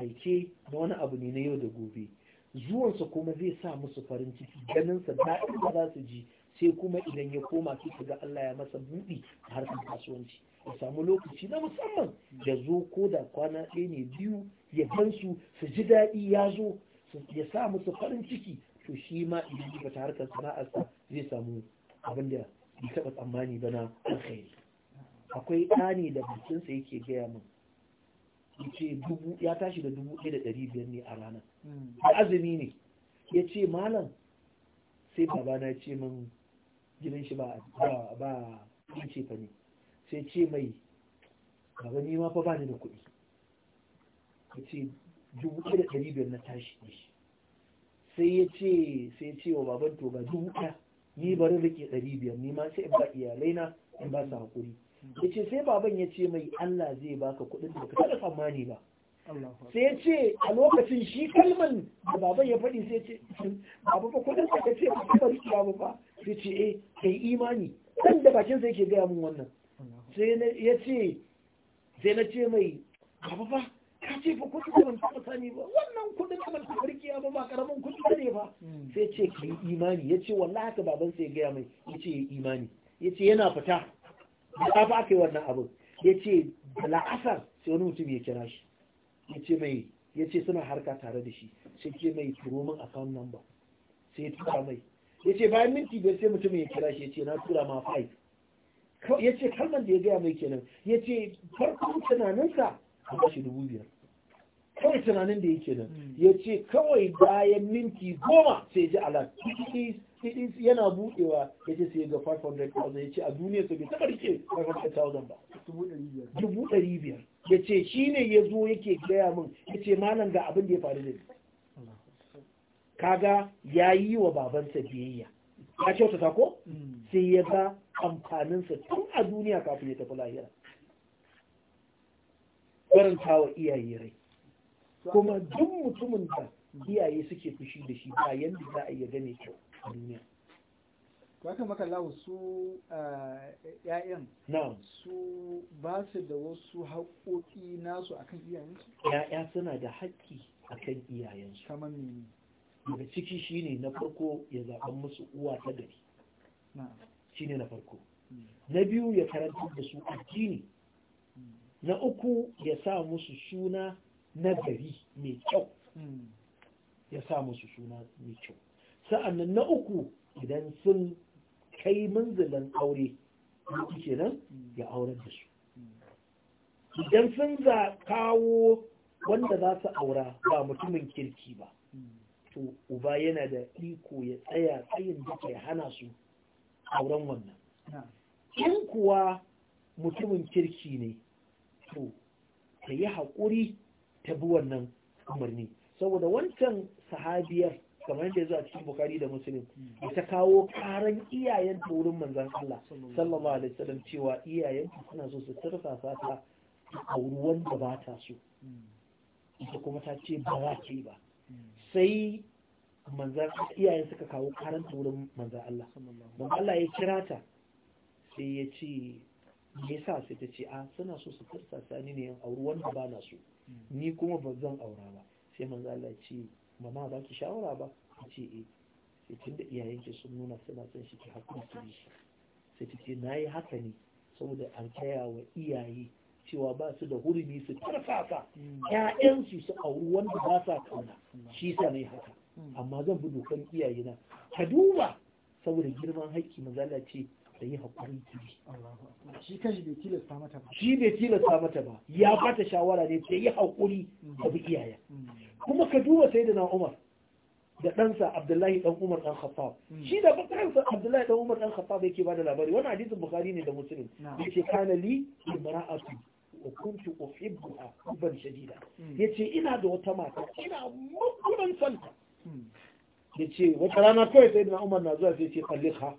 aike da wani abu ne na yau da gobe zuwansa kuma zai sa musu farin ciki ganin sa da za su ji sai kuma idan ya koma su ga Allah ya masa buɗi a harkar kasuwanci ya samu lokaci na musamman ya zo ko da kwana ɗaya ne biyu ya gansu su ji daɗi ya zo ya sa musu farin ciki to shi ma idan ya fita harkar sana'arsa zai samu abin da bai taɓa tsammani ba na alkhairi akwai ɗani da bikinsa yake gaya min yace dubu ya tashi da dubu ɗaya da ɗari biyar ne a ranar azumi ne ya ce malam sai babana ce min gidan shi ba ba yin ce fa ne sai ce mai baba ni ma fa ba ni da kuɗi ya ce dubu ɗaya da ɗari biyar na tashi ne sai ya ce sai ya ce wa baban to ba dubu ɗaya ni bari rike ɗari biyar ni ma sai in ba iyalai na in ba su haƙuri da ce sai baban ya ce mai Allah zai baka kuɗin da ka taɓa tsammani ba sai ya ce a lokacin shi kalman da baban ya faɗi sai ce babu ba kudin da ka ce ba su rikiya ba ba sai ce eh kai imani kan da bakin sai ke gaya min wannan sai ya ce sai na ce mai babu ba ka ce ba kudin da ban taɓa sani ba wannan kudin da ban taɓa rikiya ba ba karamin kuɗi ne ba hmm. sai ce kai imani ya ce wallahi haka baban sai ya gaya mai ya ce imani ya ce yana fita da ba aka wannan abin ya ce da la'asar sai wani mutum ya kira shi ya ce mai ya ce suna harka tare da shi sai ke mai turo min account number sai ya tura mai ya ce bayan minti biyar sai mutum ya kira shi ya ce na tura ma five ya ce kalmar da ya gaya mai kenan ya ce farkon tunaninsa a bashi dubu biyar kawai tunanin da yake nan hmm. ya ce kawai bayan minti goma sai ji alat please sai yana buɗewa ya ce sai ga 500,000 ya ce a duniya sai bai taɓa rike 500,000 ba dubu ɗari biyar ya ce shi ne ya zo yake gaya min ya ce malam ga abin da ya faru da ni kaga ya yi wa babansa biyayya ya ce wata ko sai ya ga amfaninsa tun a duniya kafin ya tafi lahira faranta wa iyaye rai kuma duk mutumin da iyaye suke fushi da shi bayan da za a iya gane kyau a duniya waka makalawa su ‘ya'yan su ba su da wasu haƙoƙi nasu akan iyayensu? ‘ya'ya suna da haƙƙi akan iyayensu kamar ne daga ciki shine na farko ya zaɓen musu uwa ta gari shine na farko hmm. na biyu ya karanta da su addini hmm. na uku ya sa musu suna na gari mai kyau hmm. ya sa musu suna mai kyau sa'annan na uku idan sun kai manzilin aure yake kenan ya auren da su idan sun za kawo wanda za su aura ba mutumin kirki ba to uba yana da iko ya tsaya tsayin da ya hana su auren wannan in kuwa mutumin kirki ne to ta yi haƙuri ta bi wannan umarni saboda wancan sahabiyar kamar yadda yazo a cikin bukari da muslim ta kawo karan iyayen ta wurin Allah sallallahu alaihi wasallam cewa iyayen suna so su turfa fata a ruwan da ba ta so ita kuma ta ce ba za ta yi ba sai manzan iyayen suka kawo karan wurin manzan Allah manzan Allah ya kira ta sai ya ce me yasa sai ta ce a suna so su sa sani ne yan auri wanda ba na so ni kuma ba zan aura ba sai manzan Allah ya ce mama ba ki shawara ba ta ce e eh. sai tun da iyayenki sun nuna suna son shi ki hakuri ki bi shi sai ta ce na yi haka ne saboda an kaya wa iyaye cewa ba su da hurumi su karfafa ƴaƴansu su auri wanda ba sa kauna shi sa ne haka amma zan bi dokan iyayena ka duba saboda girman haƙƙi mazala ce da yi haƙuri bi shi shi bai tilasta mata ba shi bai tilasta mata ba ya bata shawara ne ta yi haƙuri da bi iyayen mm. kuma ka duba sai da umar da ɗansa abdullahi ɗan umar ɗan khattab hmm. shi da kansa abdullahi ɗan umar ɗan khattab yake ba da labari wani hadisin bukhari ne da muslim yake kana li imra'atu wa kuntu uhibbuha hubban shadida hmm. yace ina da wata mata ina mukunan santa hmm. yace wata rana kawai sai da umar na zuwa sai yace kallika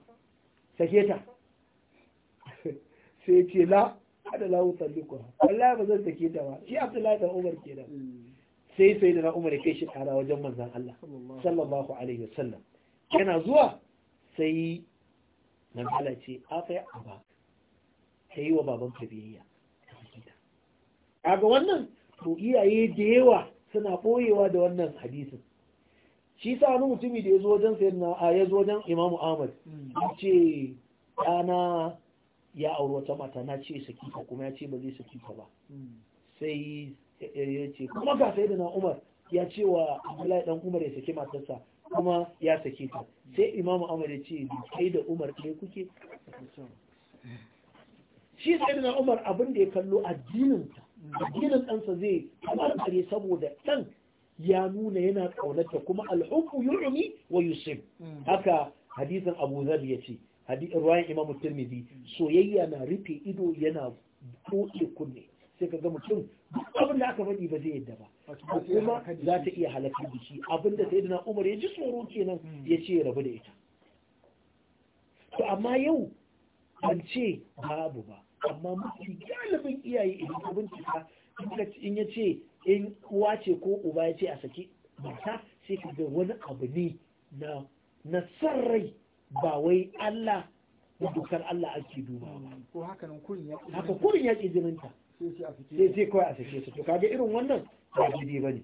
sake ta *laughs* sai yace la hada lahu talliqa wallahi ba zan sake ta ba shi abdullahi ɗan umar kenan sai sai da Umar ya kai shi kara wajen manzan Allah sallallahu alaihi wasallam yana zuwa sai Allah ce a kai aba ta yi wa baban biyayya a ga wannan to iyaye da yawa suna boyewa da wannan hadisin shi sa wani mutumi da ya zo wajen sayyidina a ya wajen imamu ahmad ya ce ɗana ya auri wata mata na ce saki kuma ya ce ba zai saki ba sai ya ce kuma ga sai na umar ya ce wa abdullahi dan umar ya saki matarsa kuma ya sake ta sai imamu umar ya ce kai da umar ne kuke shi sai na umar abin da ya kallo addininsa addinin ɗansa zai kamar kare saboda ɗan ya nuna yana ƙaunata kuma alhubbu yu'mi wa yusuf haka hadisin abu zar ya ce ruwayan imam turmizi soyayya na rufe ido yana buɗe kunne sai ka ga mutum abin da aka faɗi ba zai yadda ba kuma za ta iya halakar da shi abin da sayyidina Umar ya ji tsoro kenan hmm. ya ce rabu da ita to amma yau an ce babu ba amma mafi galibin iyaye idan ka in ya ce in uwa ce ko uba ya ce a saki mata sai ka ga wani abu ne na na san rai ba wai Allah da dokar Allah ake duba ba hmm. haka kurin ya ƙi jininta sai sai kawai a sake su to kaga irin wannan ba daidai ba ne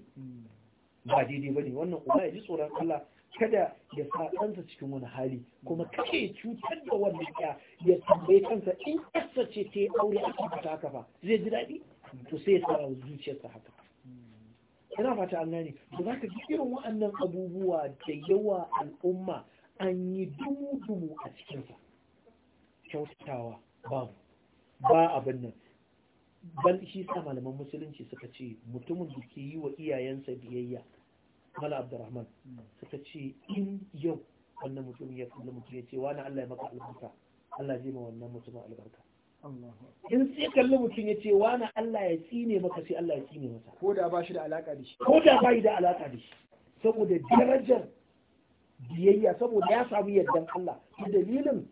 ba daidai ba ne wannan uba ya ji tsoron Allah kada ya sa ɗansa cikin wani hali kuma kake cutar da wani ya ya tambaye kansa in ƙasa ce ta yi aure a kan ta haka ba zai ji daɗi to sai ya sa zuciyarsa haka ina fata an gane ba za ka ji irin wannan abubuwa da yawa al'umma an yi dumu-dumu a cikinsa kyautatawa babu ba abin nan bal shi sa malaman musulunci suka ce mutumin da ke yi wa iyayensa biyayya mala abdurrahman suka ce in yau wannan mutum ya kalli mutum ya ce wa na allah ya maka albarka allah zai ma wannan mutumin albarka in sai kalli mutum ya ce wa na allah ya tsine maka sai allah ya tsine masa ko da ba shi da alaka da shi ko da ba shi da alaka da shi saboda darajar biyayya saboda ya samu yardan allah dalilin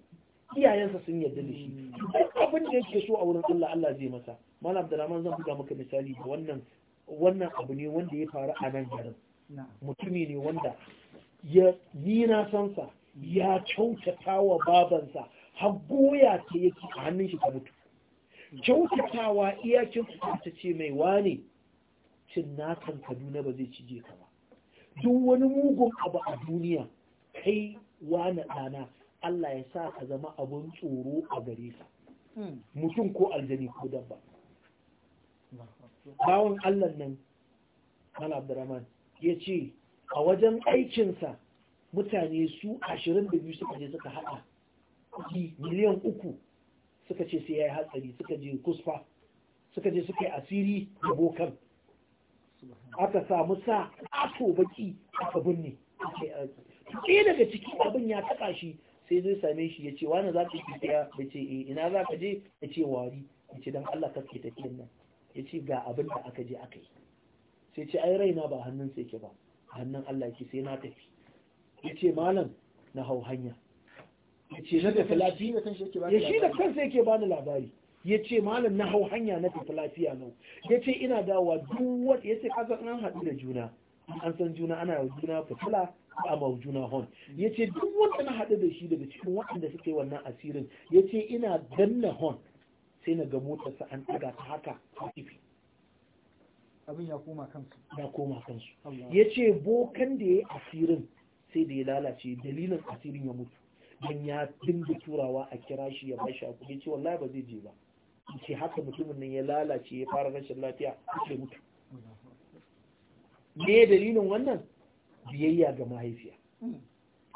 iyayensa sun yarda da shi hmm. duk abin da yake so a wurin allah allah zai masa malam abdulrahman zan buga maka misali da wannan wannan abu ne wanda ya faru a nan garin mutumi ne wanda ya ni na ya kyautata wa babansa har goya ce yake a hannun shi ta mutu hmm. kyautatawa iyakin ta ce mai wane cin nakan kaduna ba zai cije ka ba duk wani mugun abu a duniya kai wane ɗana Allah ya sa ka zama abin tsoro a gare ka hmm. mutum ko aljani ko dabba bawan Allah nan man Abdurrahman ya ce a wajen aikinsa mutane su 22 suka je suka haɗa kuɗi miliyan uku suka ce sai ya yi hatsari suka je kusfa suka je suka yi asiri da bokan aka samu sa ato baki aka binne ɗaya daga ciki abin ya taɓa shi sai zai same shi ya ce wani za ka yi ce eh, ina za ka je ya ce wari ya ce don Allah ka ke tafiyan nan ya ce ga abin da aka je aka yi sai ce ai raina ba hannun sai ke ba hannun Allah ke sai na tafi ya ce malam na hau hanya ya ce na tafi lafiya ya shi da kansa yake bani labari ya ce malam na hau hanya na tafi lafiya nau ya ce ina dawowa duk wata ya ce kasa an haɗu da juna an san juna ana yau juna fitila a ma juna hon ya ce duk wanda na haɗu da shi daga cikin waɗanda suke wannan asirin ya ce ina danna hon sai na ga motarsa an ɗaga ta haka a ifi abin ya koma kansu ya koma kansu ya ce bokan da ya yi asirin sai da ya lalace dalilin asirin ya mutu don ya dinga turawa a kira shi ya bashi a kuɗi ce wallahi ba zai je ba ce haka mutumin nan ya lalace ya fara rashin lafiya ya mutu me dalilin wannan biyayya ga mahaifiya hmm.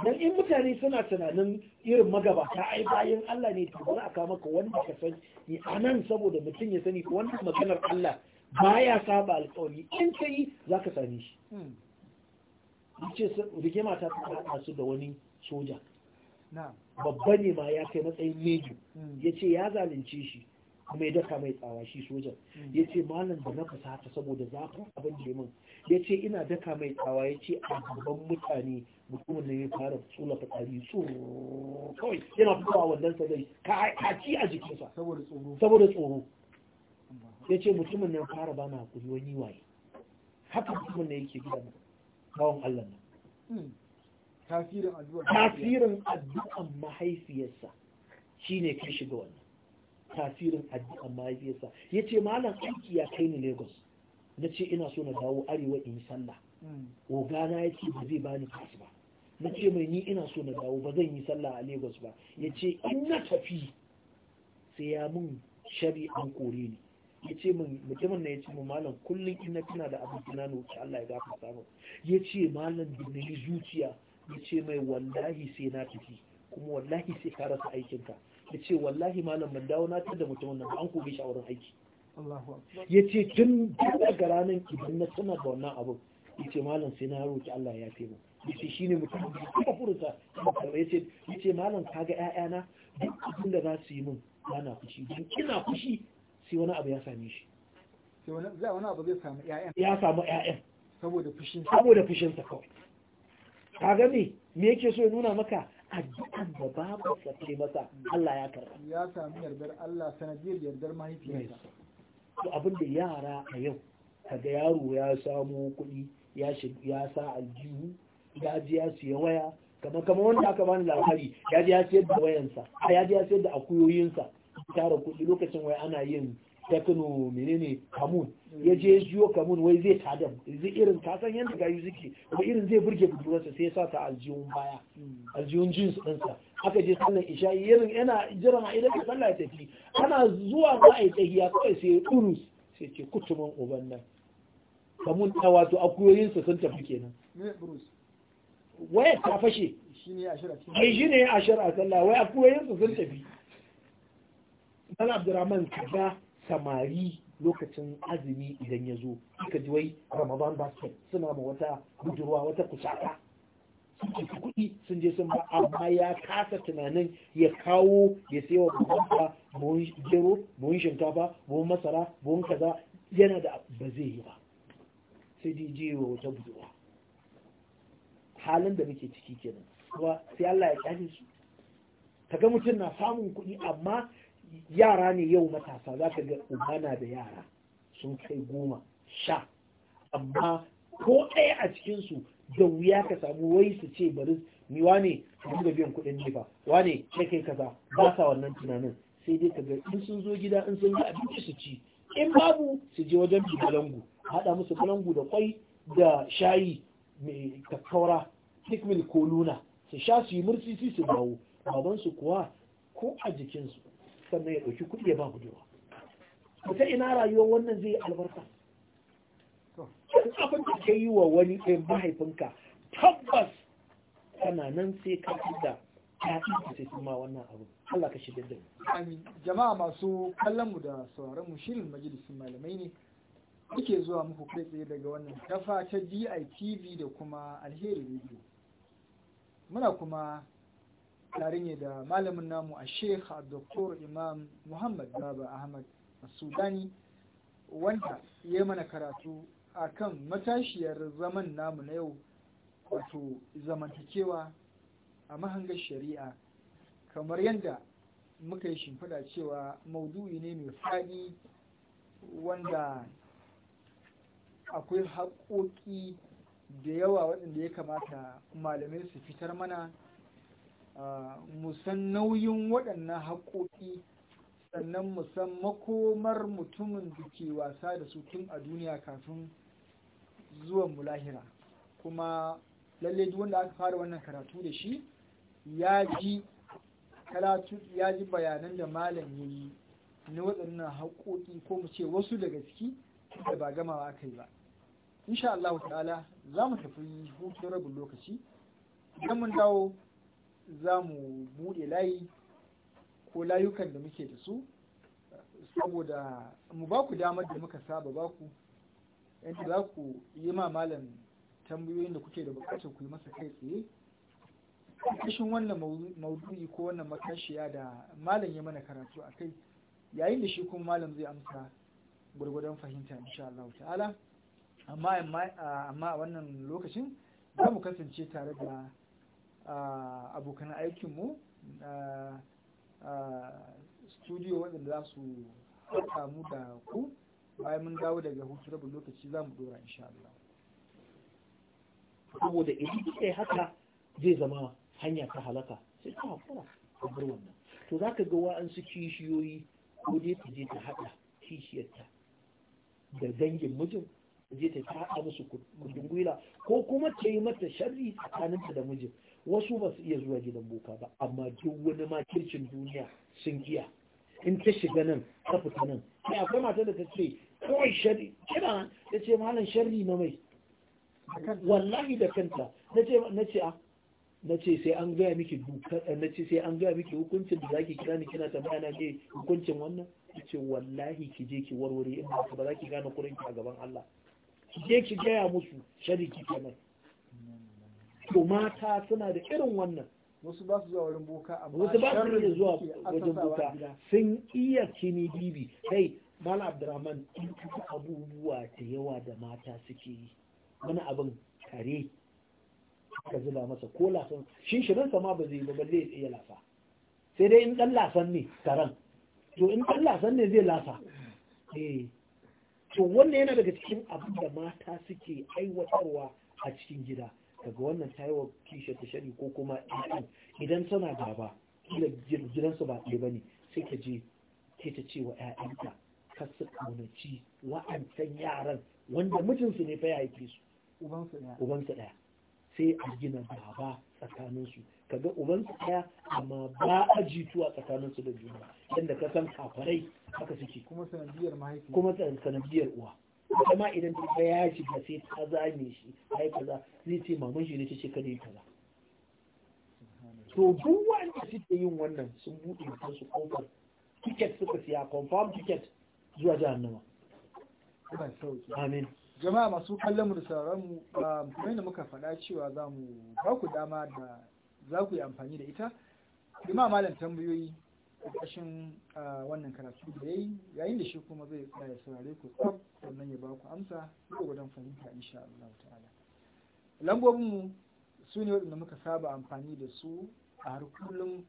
dan in mutane suna tunanin irin magabata ai bayan Allah ne to a kama ka wanda ka san baki a nan saboda mutum ya sani wannan maganar Allah ba ya saba alƙawari in ka yi za ka same shi ce mata ta haɗa su da wani soja babba ne ma ya kai matsayin mejo hmm. ya ce ya zalunce shi kuma ya daka mai tsawa shi sojan hmm. ya ce malam da na fasata saboda zafin abin da ya ce ina daka mai tsawa ya ce a babban mutane mutumin ne ya fara tsula fitsari so kawai yana fitowa wannan sa dai kaci a jikinsa saboda tsoro ya ce mutumin ya fara ba na hakuri wani waye haka mutumin ne yake gida na kawon Allah nan hmm. tasirin addu'an mahaifiyarsa shine kai shiga wannan tasirin addu'an mahaifiyarsa ya ce malam aiki ya kai ni lagos na ce ina so na dawo arewa in sallah hmm. ogana ya ce ba zai bani kasu ba na ce mai ni ina so na dawo ba zan yi sallah a lagos ba ya ce in na tafi sai ya mun shari an kore ni ya ce min mutumin na ya ce malam kullum in tuna da abin tuna na wuce Allah ya gafa samun ya ce malam da yi zuciya ya ce mai wallahi sai na tafi kuma wallahi sai ka rasa aikinka ya ce wallahi malam ban dawo na da mutumin nan an kore shi a wurin aiki ya ce tun daga ranar idan na tuna da wannan abin yace malam sai na roki Allah ya yafe mu yace shine mutum da kuma ce yace yace malam kaga na duk abin da za su yi min bana fushi dan ina fushi sai wani abu ya same shi sai wani za wani abu zai samu ƴaƴan ya samu ƴaƴan saboda fushin saboda fushin sa kawai kaga me me yake so ya nuna maka addu'an da babu sake masa Allah ya karba ya sami yardar Allah sanadiyar yardar mahaifiyarsa to abin da yara a yau kaga yaro ya samu kuɗi ya sa aljihu ya ji ya siya waya kamar kamar wanda aka bani labari ya ji ya siyar da wayansa a ya ji ya siyar da akuyoyinsa tara kuɗi lokacin wai ana yin tekno menene kamun ya je jiyo kamun wai zai tada zai irin kasan san yanda gayu ziki ko irin zai burge budurarsa sai ya sa ta aljihun baya aljihun jins ɗinsa aka je sallan isha irin yana jiran a idan sallah ya tafi ana zuwa ba kawai sai ya turus sai ce kutumin uban kamun ta wato akuyoyinsa sun tafi kenan waya ta fashe ai shi ne ashir a sallah wai akuyoyinsa sun tafi dan abdurrahman kaga samari lokacin azumi idan ya zo suka ji wai ramadan basket suna ma wata budurwa wata kusaka sun kuɗi sun je sun ba amma ya kasa tunanin ya kawo ya sayo babban buhun gero buhun shinkafa buhun masara buhun kaza yana da ba zai yi ba sai dai je wa wata budurwa halin da muke ciki kenan kuma sai Allah ya shi su ga mutum na samun kuɗi amma yara ne yau matasa za ka ga ubana da yara sun kai goma sha amma ko ɗaya a cikinsu da wuya ka samu wai su ce bari ni wane ka da biyan kuɗin ne ba wane kai kaza ba sa wannan tunanin sai dai ka ga in sun zo gida in sun ga abinci su ci in babu su je wajen bi balangu haɗa musu balangu da kwai da shayi mai kakkaura duk ko luna su sha su yi murci su dawo babansu kuwa ko a jikinsu sannan ya ɗauki kuɗi ya ba budurwa ta ina rayuwar wannan zai albarka duk abin da ka yi wa wani ɗayan eh, mahaifinka tabbas kana nan sai ka da sai sun wannan abu Allah ka da jama'a masu kallon mu da sauraron mu shirin majalisin malamai ne kuke zuwa muku kai tsaye daga wannan kafa ta DITV da kuma Alheri Radio muna kuma tare ne da malamin namu a Sheikh Dr. Imam Muhammad Baba Ahmad Sudani wanda ya mana karatu a kan matashiyar zaman namu na yau wato zamantakewa a mahangar shari'a kamar yadda muka yi shimfiɗa cewa maudu'i ne mai faɗi wanda akwai haƙoƙi da yawa waɗanda ya kamata malamai su fitar mana musan nauyin waɗannan haƙoƙi sannan musan makomar mutumin da ke wasa da su tun a duniya kafin zuwan mulahira kuma lalle duk wanda aka fara wannan karatu da shi ya ji karatu ya ji bayanan da malam ya yi na waɗannan haƙoƙi ko mu ce wasu daga ciki da ba gamawa aka yi ba insha Allah ta'ala za mu tafi hutun rabin lokaci idan mun dawo za mu buɗe layi ko layukan da muke da su saboda mu ba ku damar da muka saba ba ku yadda za ku yi ma malam tambayoyin da kuke da bukatar ku yi masa kai tsaye kashin wannan maudu'i ko wannan matashiya da malam ya mana karatu a kai yayin da shi kuma malam zai amsa gwargwadon fahimta insha Allah ta'ala amma a wannan lokacin za mu kasance tare da abokan aikinmu na studio waɗanda za su haka mu da ku bayan mun dawo daga hutu rabin lokaci za mu dora insha Allah. Saboda idan kuka haka zai zama hanya ta halaka sai ka haƙura a burwan wannan to za ka ga wa'ansu kishiyoyi ko dai ta je ta haɗa kishiyarta da dangin mijin je ta haɗa musu kudin gwila ko kuma ta yi mata sharri tsakaninta da mijin wasu ba su iya zuwa gidan boka ba amma duk wani makircin duniya sun giya. in ta shiga nan ta fita nan sai akwai matar da ta ce kawai shari kira ta ce malam sharri na mai wallahi da kanta na ce a ah, na ce sai an gaya miki eh, na ce sai an gaya miki hukuncin da zaki kira ni kina tambaya na ce hukuncin wannan ki ce wallahi ki je ki warware in ba ba za ki gane kurin ki a gaban Allah ki je ki gaya musu shariki kenan to mata suna da irin wannan wasu ba su zuwa wurin boka amma wasu ba su zuwa wajen boka sun iya kini bibi kai mala abdurrahman in abubuwa da yawa da mata suke yi wani abin kare aka zuba masa ko lasan shi shirinsa ma ba zai ba zai ya iya lasa sai dai in dan lasan ne taron to in dan lasan ne zai lasa eh to wannan yana daga cikin abin da mata suke aiwatarwa a cikin gida daga wannan ta yi wa kishe ta shari ko kuma idan tana gaba kila gidansu ba ɗaya ba ne sai ka je ke ta ce wa 'ya'yanta ka su ƙaunaci wa'ancan yaran wanda mijinsu ne fa ya haife su ubansu ɗaya sai a gina gaba tsakaninsu kaga uban ɗaya amma ba a jituwa tsakaninsu da juna yadda ka san kafarai haka suke kuma sanadiyar mahaifi kuma sanadiyar uwa kuma idan ta ya shiga sai ta zame shi ai kaza zai ce maman shi ne ta ce ne kaza to duk wanda suke yin wannan sun buɗe su kofar ticket suka siya confirm ticket zuwa jahannama amin jama'a masu kallon mu da sauraron mu kamar da muka faɗa cewa za mu ba ku dama da za ku yi amfani da ita jama'a malam tambayoyi ƙashin wannan karatu da yayi yayin da shi kuma zai tsaya saurare ku tsaf sannan ya ba ku amsa ko gudan fahimta insha Allah ta'ala lambobin mu su ne waɗanda muka saba amfani da su a har kullum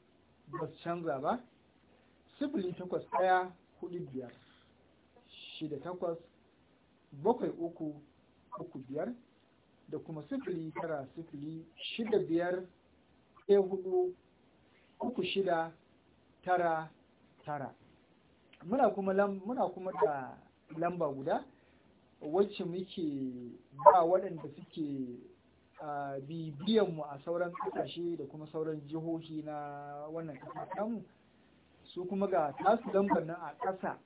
ba su canza ba sifili takwas ɗaya hudu biyar shida takwas bakwai uku uku biyar da kuma sifili tara sifili shida biyar ɗaya hudu uku shida tara tara muna kuma da lamba guda wacce muke ba waɗanda suke bibiyanmu a sauran ƙasashe da kuma sauran jihohi na wannan ƙasa su kuma ga tasu lambar nan a ƙasa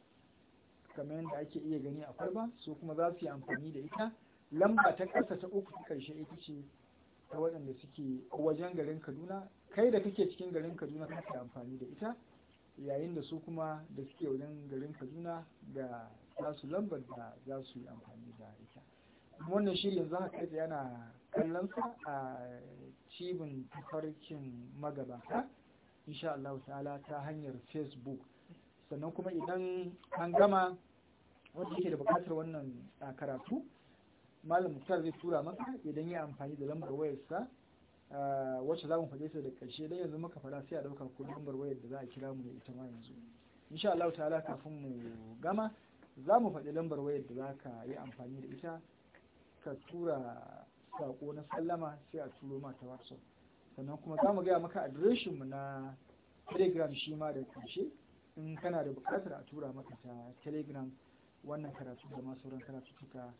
kamar yadda ake iya gani a kwalba su kuma za su yi amfani da ita lamba ta ƙasa ta uku karshe ƙarshe ita ce ta waɗanda suke wajen garin kaduna kai da kake cikin garin kaduna kake amfani da ita yayin da su kuma da suke wajen garin kaduna ga za su lambar da za su yi amfani da ita wannan shiri yanzu haka kai yana kallon sa a cibin tafarkin magabata insha Allah ta'ala ta hanyar facebook sannan kuma idan an gama wanda yake da bukatar wannan ah, karatu malam muktar zai tura maka idan ya amfani da lambar wayarsa ah, wacce za mu faɗe da ƙarshe dan yanzu muka fara sai a ɗauka ko lambar wayar da za a kira mu da ita ma yanzu insha Allah ta'ala kafin mu gama za mu faɗi lambar wayar da za ka yi amfani da ita ka tura sako na sallama sai a turo ma ta whatsapp sannan kuma za mu gaya maka adireshinmu na telegram shi ma da ƙarshe in kana da bukatar a tura maka ta telegram wannan karatu da masu ran karatu suka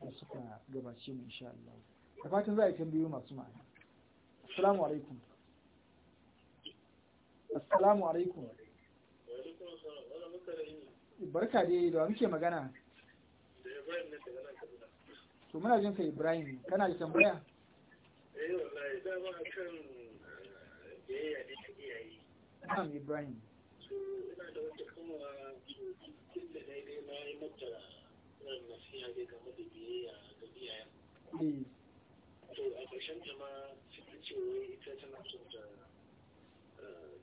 da suka gabace mu insha Allah da fatan za a yi tambayoyi masu ma'ana assalamu alaikum assalamu alaikum barka dai da muke magana to muna jin ka Ibrahim kana da tambaya eh wallahi da ba kan eh, biyayya da iyaye Ibrahim to a ƙarshen ta ma cikin cewa ita tana so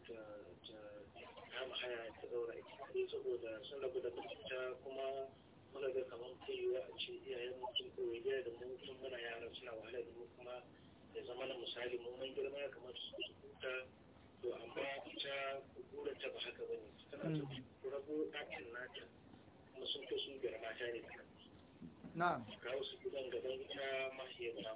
ta kama haya ta zaura ita kaɗai saboda sun rabu da mutunta kuma muna kamar kaiwa a ce iyayen da mu yara suna wahala da mu kuma zama na misali mu mun girma ya su to amma ita burin ta ba haka bane tana hmm. ta rabo ɗakin nata kuma sun fi sun biyar mata ne na'am kawo su gidan gaban ita mahiyar ta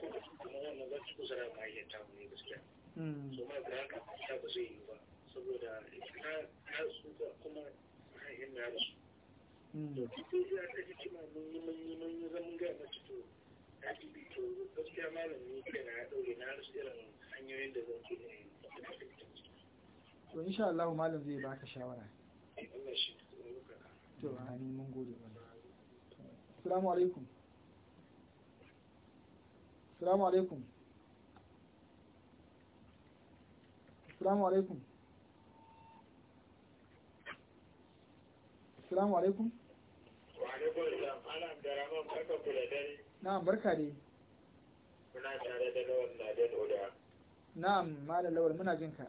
kuma wannan za su kusa da mahiyar ta ne gaskiya hmm. so ma ga haka ta ba zai yi ba saboda ita ta su da kuma mahiyar na da su hmm. to kike ya ta ji kima mun yi mun yi mun yi zaman gaya mace to ya ci bito gaskiya malam ni kai na ya ɗaure na rasu irin hanyoyin da zan ke ne to insha Allah malam zai baka shawara to ani mun gode assalamu alaikum assalamu alaikum assalamu alaikum assalamu alaikum wa alaikum assalam ana abdurrahman barka dare na barka dai kuna tare da lawan da oda na'am malam lawal muna jin ka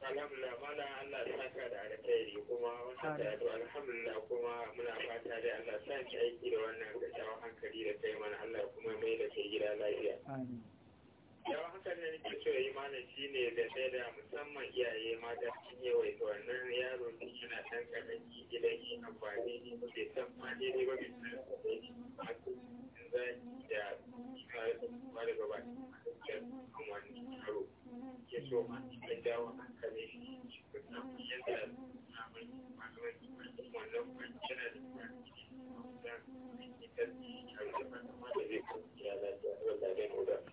alhamdulillah Allah ya saka da alkhairi kuma wannan karatu alhamdulillah kuma muna fata dai Allah ya sa ki aiki da wannan kyawun hankali da kai mana Allah kuma mai da kai gida lafiya amin yawan hakan ne nake so shi ne da sai da musamman iyaye mata sun yi wa wannan yaro ne yana ɗan ƙarfi gidan yi amfani ne bai san ma daidai ba ne masu zaki da ba da gaba da kan wani yaro ke so ma ya dawo hankali shi kusan yadda samun malaman wannan kwanciyar da kwanci da ita ce yaro da ba da zai kwanciya lafiya da ba da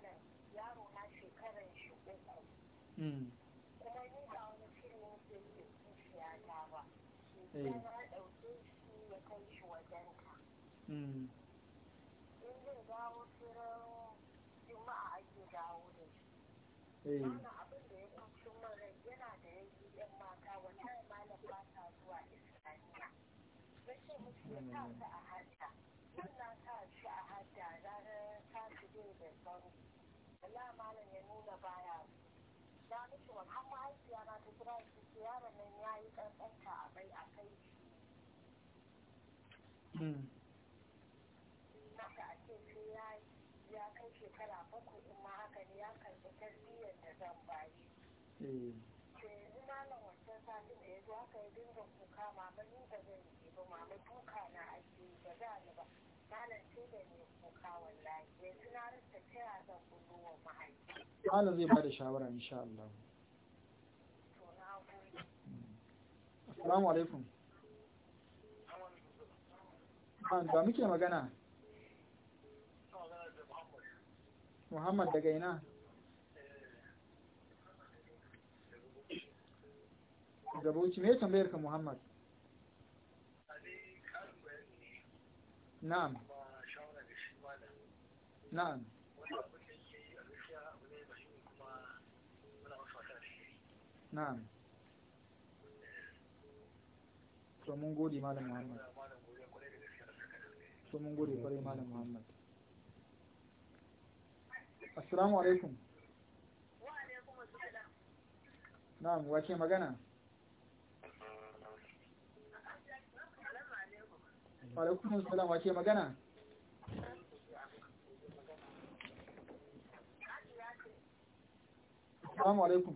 kuma ni ba wani fim yake yi da kishiya ta ba sai shi ya kai shi in dawo ake dawo da shi abin da ya kunshi mara mm. yana da yanki yan mata wannan malam zuwa islamiya ya sa su a shi a hajja ranar ta da Allah malam ya nuna baya na mutu wa har mahaifiya ta kira shi nan ya yi ƙanƙanta a bai a kai masa a ce ya kai shekara baku, in ma haka ne ya karɓi tarbiyyar da zan bayi to yanzu malam wancan satin da ya zo haka ya dinga kuka mama ni ba zan je ba mama duka na ake ba za ni ba malam sai da ne kuka wallahi yanzu na rasa ta zan kuma malam zai bada shawara insha Allah assalamu alaikum ba muke magana Muhammad daga ina daga Bauchi me tambayar ka Muhammad Na'am Na'am na'am So mun gode malam muhammad to mun gode kwarai malam muhammad assalamu alaikum na'am ke magana alaikum salam wace magana assalamu alaikum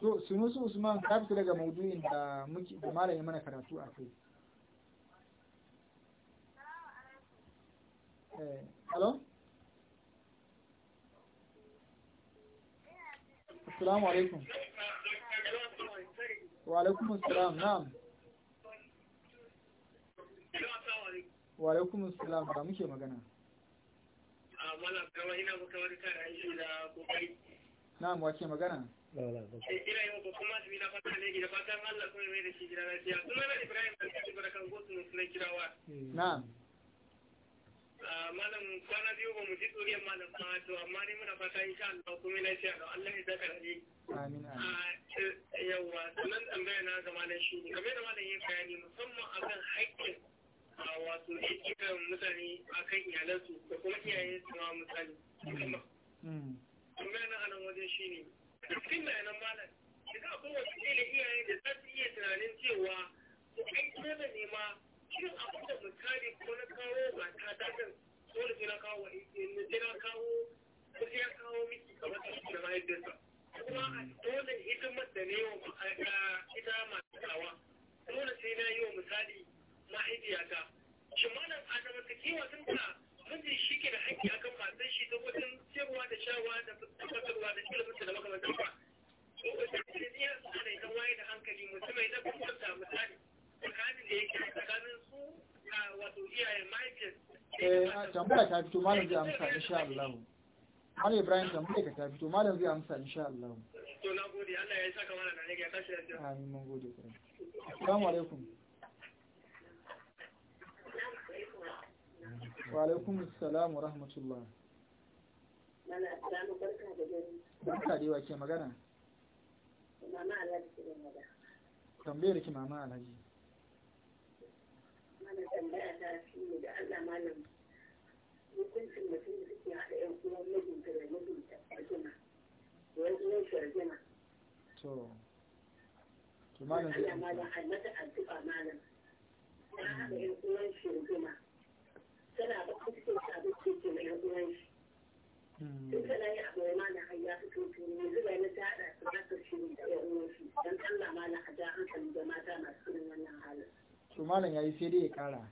to sunusu usman ta fita daga maudu'in da muke da malamin mana karatu a kai eh hello assalamu alaikum wa alaikum assalam na'am wa alaikum assalam muke magana a ah, mana kawai ina da kokari na'am wace magana Eh, ina yin ko kuma bi na fata ne gida fatan Allah kuma mai da shi gida kuma Ibrahim da shi gosu na kirawa hmm. na'am ah, malam biyu ba mu ji tsoriyar malam ba to amma ne muna fata insha Allah kuma lafiya Allah ya amin amin ah, eh, yawa tambaya na ga malam shi kamar da malam ya bayani musamman akan haƙƙin ah, wato ikiran mutane akan iyalansu da kuma iyayensu ma hmm. anan wajen shi ne duk sun na nan malam yanzu akwai wasu kila iyaye da za su iya tunanin cewa to ai dole ne nema cikin abin da misali ko na kawo ba ta datan dole sai na kawo na sai na kawo ko sai kawo miki kamar ta shi da mahaifiyarsa kuma a dole hidimar da ne wa ita masu kawa dole sai na yi wa misali mahaifiyata shi malam a zamantakewa sun ta miji shi ke da haƙƙi akan masu shi ta wajen cewa da shawa da tabbatarwa da ilimin da makamantar ba to wajen jirgin suna da idan waye da hankali mutum mai na kwanta misali tsakanin da yake tsakanin su a wato iyayen mahaifiyar eh tambaya ta fito malam zai amsa insha Allah Malam Ibrahim tambaya ka ta fito malam zai amsa insha Allah to na gode Allah ya saka mana da ne ya kashi da amin mun gode assalamu alaikum Wa alaikum assalam wa rahmatullah. Mana salamu barka da gani. Barka da yawa ke magana. Mama Alhaji ke magana. Tambayar ki mama Alhaji. Mana tambaya ta shi ne da Allah malam. Hukuncin mutum da suke haɗa ƴan uwan mijinta da mijinta a jima. Da ƴan uwan shi a jima. To. To malam zai. Allah malam ai mata addu'a malam. Ta haɗa ƴan uwan shi a tana ba ku cikin ta da ke ke mai ruwan shi hmm. tun kana yi abu ya mana hayya su to to ne zuba na ta hada su haka shi ne da ruwan shi don Allah mana na ja hankali da mata masu irin wannan halin to malam ya yi sai dai ya kara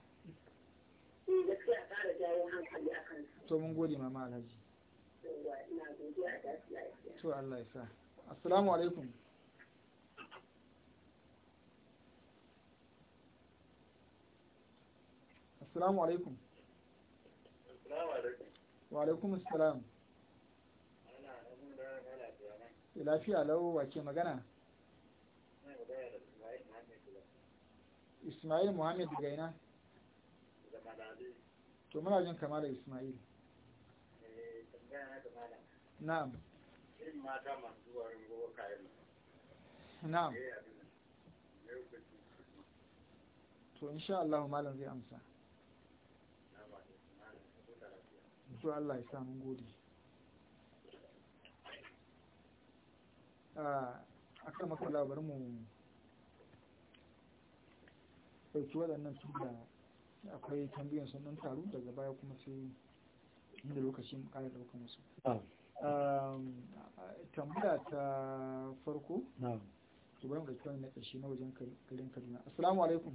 eh ya kara jawo hankali akan to mun gode mama Alhaji ina godiya da lafiya to Allah ya sa assalamu alaikum Assalamu alaikum. wa alaikum salam eh, lafiya lau wace magana ismail muhammad Gaina. to muna jin kama da ismail eh, na'am na'am eh, to insha Allah malam zai amsa su Allah ya mun gode ah, a kan maka labar mu ɗauki waɗannan su da akwai tambayin sunan taru daga baya kuma sai inda lokacin ƙara ɗaukar musu tambaya ta farko su bayan da kyau na ƙarshe na wajen karin kaduna assalamu alaikum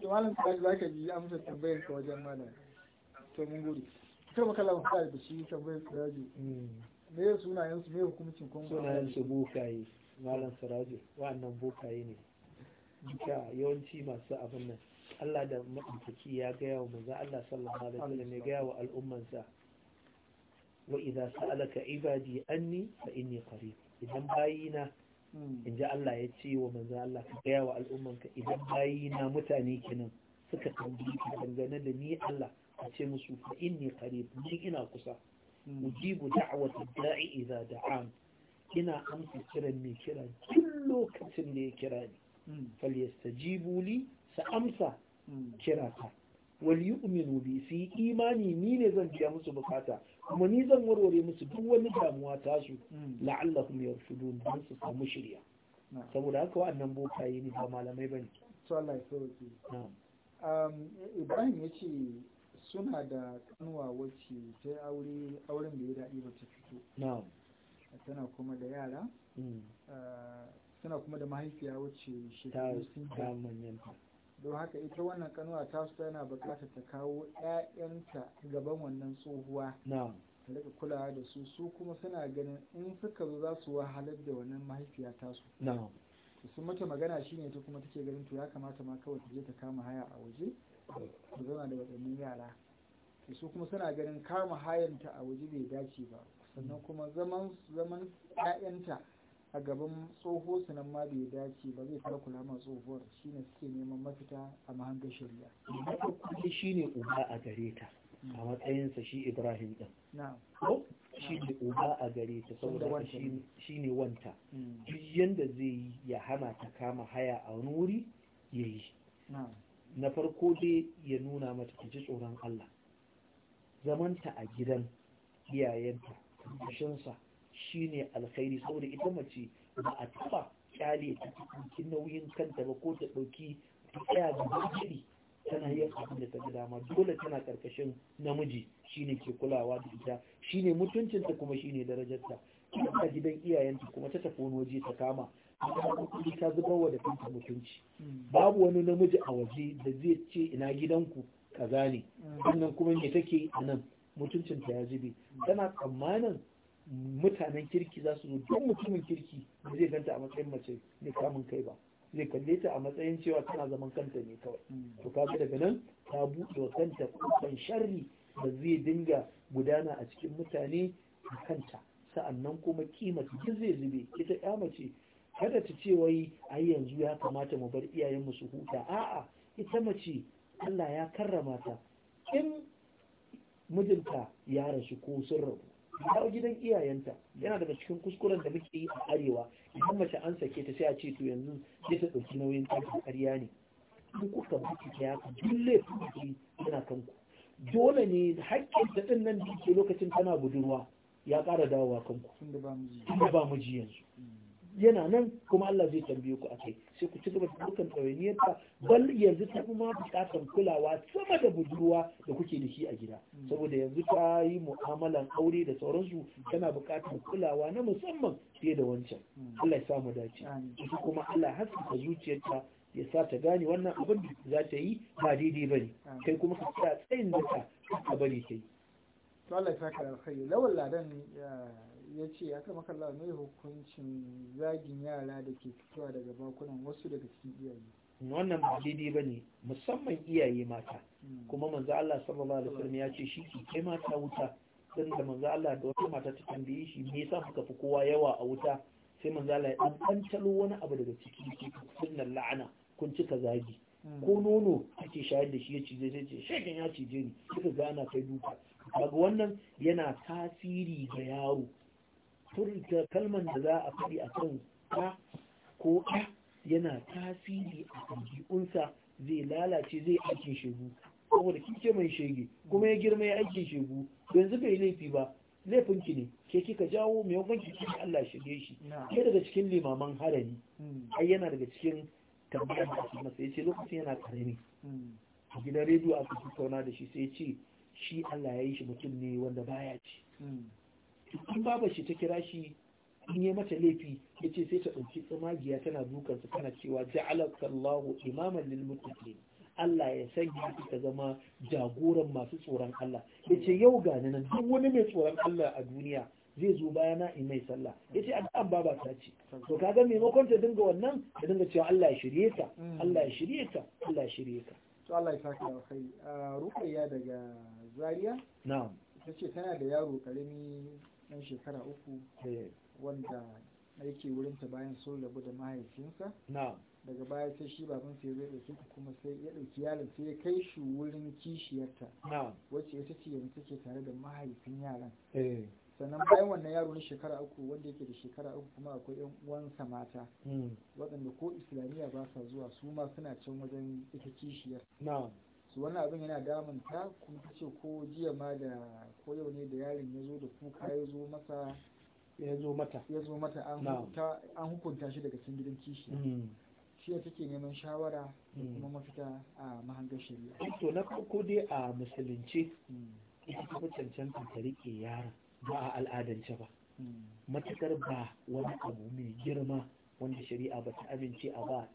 to malam tsari za ka ji amsa tambayar ka wajen malam to mun gode kar maka lamu fara da shi tambayar siraji me ya sunayen su me hukumcin kuma sunayen su bokaye malam siraji wa'annan bokaye ne duka yawanci masu abin nan Allah da maɗaukaki ya gaya wa manzo Allah sallallahu alaihi wasallam ya gaya wa al'ummansa wa idza sa'alaka ibadi anni fa inni qarib idan bayina in ji Allah ya ce wa manzan Allah ka gaya wa al'ummanka idan bayi na mutane kenan suka tambayi ka dangane da ni Allah a ce musu fa inni qarib ni ina kusa mujibu da'wati da'i idza da'an ina amsa kiran mai kira duk lokacin da ya kira ni falyastajibu li sa amsa kira ta wal yu'minu bi fi imani ni ne zan biya musu bukata kuma ni zan warware musu duk wani damuwa tasu hmm. la'allahum yarshudun dan su samu shirya saboda haka wa'annan bokaye ne ba malamai bane to Allah ya sauke um Ibrahim yace suna da kanuwa wacce ta aure auren da ya daɗi ba ta fito na'am tana kuma da yara hmm. ah, Tana kuma da mahaifiya wacce shekaru sun ta manyanta don haka ita wannan kanuwa ta su tana bukatar ta kawo ƴaƴanta gaban wannan tsohuwa na'am daga kulawa da su su kuma suna ganin in suka zo za su wahalar da wannan mahaifiya su na'am sun mata magana shine ta kuma take ganin ta ya kamata ma kawai ta je ta kama haya a waje ta zama da waɗannan yara su kuma suna ganin kama hayanta a waje bai dace ba sannan kuma zaman 'ya'yanta. a gaban tsoho sanan ma bai dace ba zai fara kula ma tsohuwar shine suke neman mafita a mahangar shari'a kuma shine uba a gare ta a matsayinsa shi ibrahim din shi ne uba a gare ta saboda shi ne wanta mm. duk yanda zai yi ya hana ta kama haya a wani wuri ya yi na farko dai ya nuna mata ta ji tsoron allah zamanta a gidan iyayenta kushinsa. shine alkhairi saboda ita mace ba a taba kyale ta ɗauki nauyin kanta ba ko ta ɗauki tsaya da bajiri tana yin abin da ta ga dama dole tana karkashin namiji shine ke kulawa da ita shine mutuncinta kuma shine darajarta ta gidan iyayenta kuma ta tafi wani waje ta kama ta zubarwa wa da kanta mutunci hmm. babu wani namiji a waje da zai ce ina gidanku kaza ne hmm. sannan kuma me take a nan mutuncinta ya zube hmm. tana tsammanin mutanen kirki za su zo don mutumin kirki ba zai ganta a matsayin mace ne kamun kai ba zai kalle ta a matsayin cewa tana zaman kanta ne kawai to kaga daga nan ta buɗe wa kanta kofan sharri da zai dinga gudana a cikin mutane a kanta sa'annan kuma kima ta zai zube ita ya mace kada ta ce wai ai yanzu ya kamata mu bar iyayen mu su huta a'a ita mace Allah ya karrama ta in mijinta ya rasu ko sun rabu dawo gidan iyayenta yana daga cikin kuskuren da muke yi a arewa idan mace an sake ta sai a ce to yanzu zai ta ɗauki nauyin tafi ƙarya ne duk kuka baki ta yaka dole kuki yana kanku dole ne haƙƙin da ɗin nan da ke lokacin tana budurwa ya ƙara dawowa kanku tun da ba miji yanzu mm. yana nan kuma Allah zai tambaye ku akai sai ku ci gaba da dukkan ɗawainiyar ta bal yanzu ta kuma buƙatar kulawa sama da budurwa da kuke da shi a gida saboda yanzu ta yi mu'amalan aure da sauransu tana buƙatar kulawa na musamman fiye da wancan Allah ya sa mu dace ita kuma Allah haskaka zuciyarta ya sa ta gane wannan abin da za ta yi ba daidai ba ne kai kuma ka tsaya tsayin da ka bari kai. Allah ya saka alkhairi lawan ladan ya ce ya kama kalla mai hukuncin zagin yara da ke fitowa daga bakunan wasu daga cikin iyaye wannan ba daidai ba ne musamman iyaye mata hmm. kuma manzo Allah sallallahu alaihi wasallam ya ce shi ke kai mata wuta dan da manzo Allah da wata mata ta tambaye shi me yasa kuka fi kowa yawa a wuta sai manzo Allah ya dan wani abu daga ciki sunan la'ana kun cika zagi hmm. ko nono ake shayar da shi ya cije zai ce shekin ya cije ni kika gana kai duka daga wannan yana tasiri ga yaro furta kalman da za a faɗi a kan ta ko ta yana tasiri a ɗabi'unsa zai lalace zai aikin shegu saboda kike mai shege kuma ya girma ya aikin shegu yanzu bai laifi ba laifin ki ne ke kika jawo mai yawan ki kike Allah shige shi ke daga cikin limaman harami hmm. ai yana daga cikin tambayar da kuma sai yace lokacin yana karami hmm. a gidan rediyo aka tattauna da shi sai ce shi Allah ya yi shi mutum ne wanda baya ci hmm. in babar shi ta kira shi in yi mata laifi ya ce sai ta ɗauki tsamagiya tana dukansa tana cewa ja'alakallahu imaman lil muttaqin Allah ya sanya ki ta zama jagoran masu tsoron Allah yace yau ga nan duk wani mai tsoron Allah a duniya zai zo bayana in mai sallah yace addu'an baba ta ce to kaga maimakon ta dinga wannan ta dinga cewa Allah ya shirye ta mm. Allah ya shirye ta Allah ya shirye ta to Allah ya saka alkhairi ah, ruqayya daga Zaria na'am tace tana da yaro karami ɗan shekara uku eh. wanda yake wurinta bayan sun rabu da mahaifinsa daga baya sai shi baban sai zai ɗauki kuma sai ya ɗauki yaron sai ya kai shi wurin kishiyarta wacce ita ce yanzu take tare da mahaifin yaran eh. sannan bayan wannan yaro na shekara uku wanda yake da shekara uku kuma akwai yan uwansa mata hmm. waɗanda ko islamiyya ba sa zuwa su ma suna can wajen ita kishiyar su wannan abin yana damun ta kuma ta ce ko jiya ma da ko yau ne da yarin ya zo da kuka ya zo masa ya zo mata ya zo mata an hukunta shi daga cikin gidan kishi mm. shi ya take neman shawara da mm. kuma mafita a mahangar shari'a eh to na farko dai a musulunci mm. ita ta fi cancanta ta rike yaron ba a al'adance ba matukar ba wani abu mai girma wanda shari'a ba ta amince a ba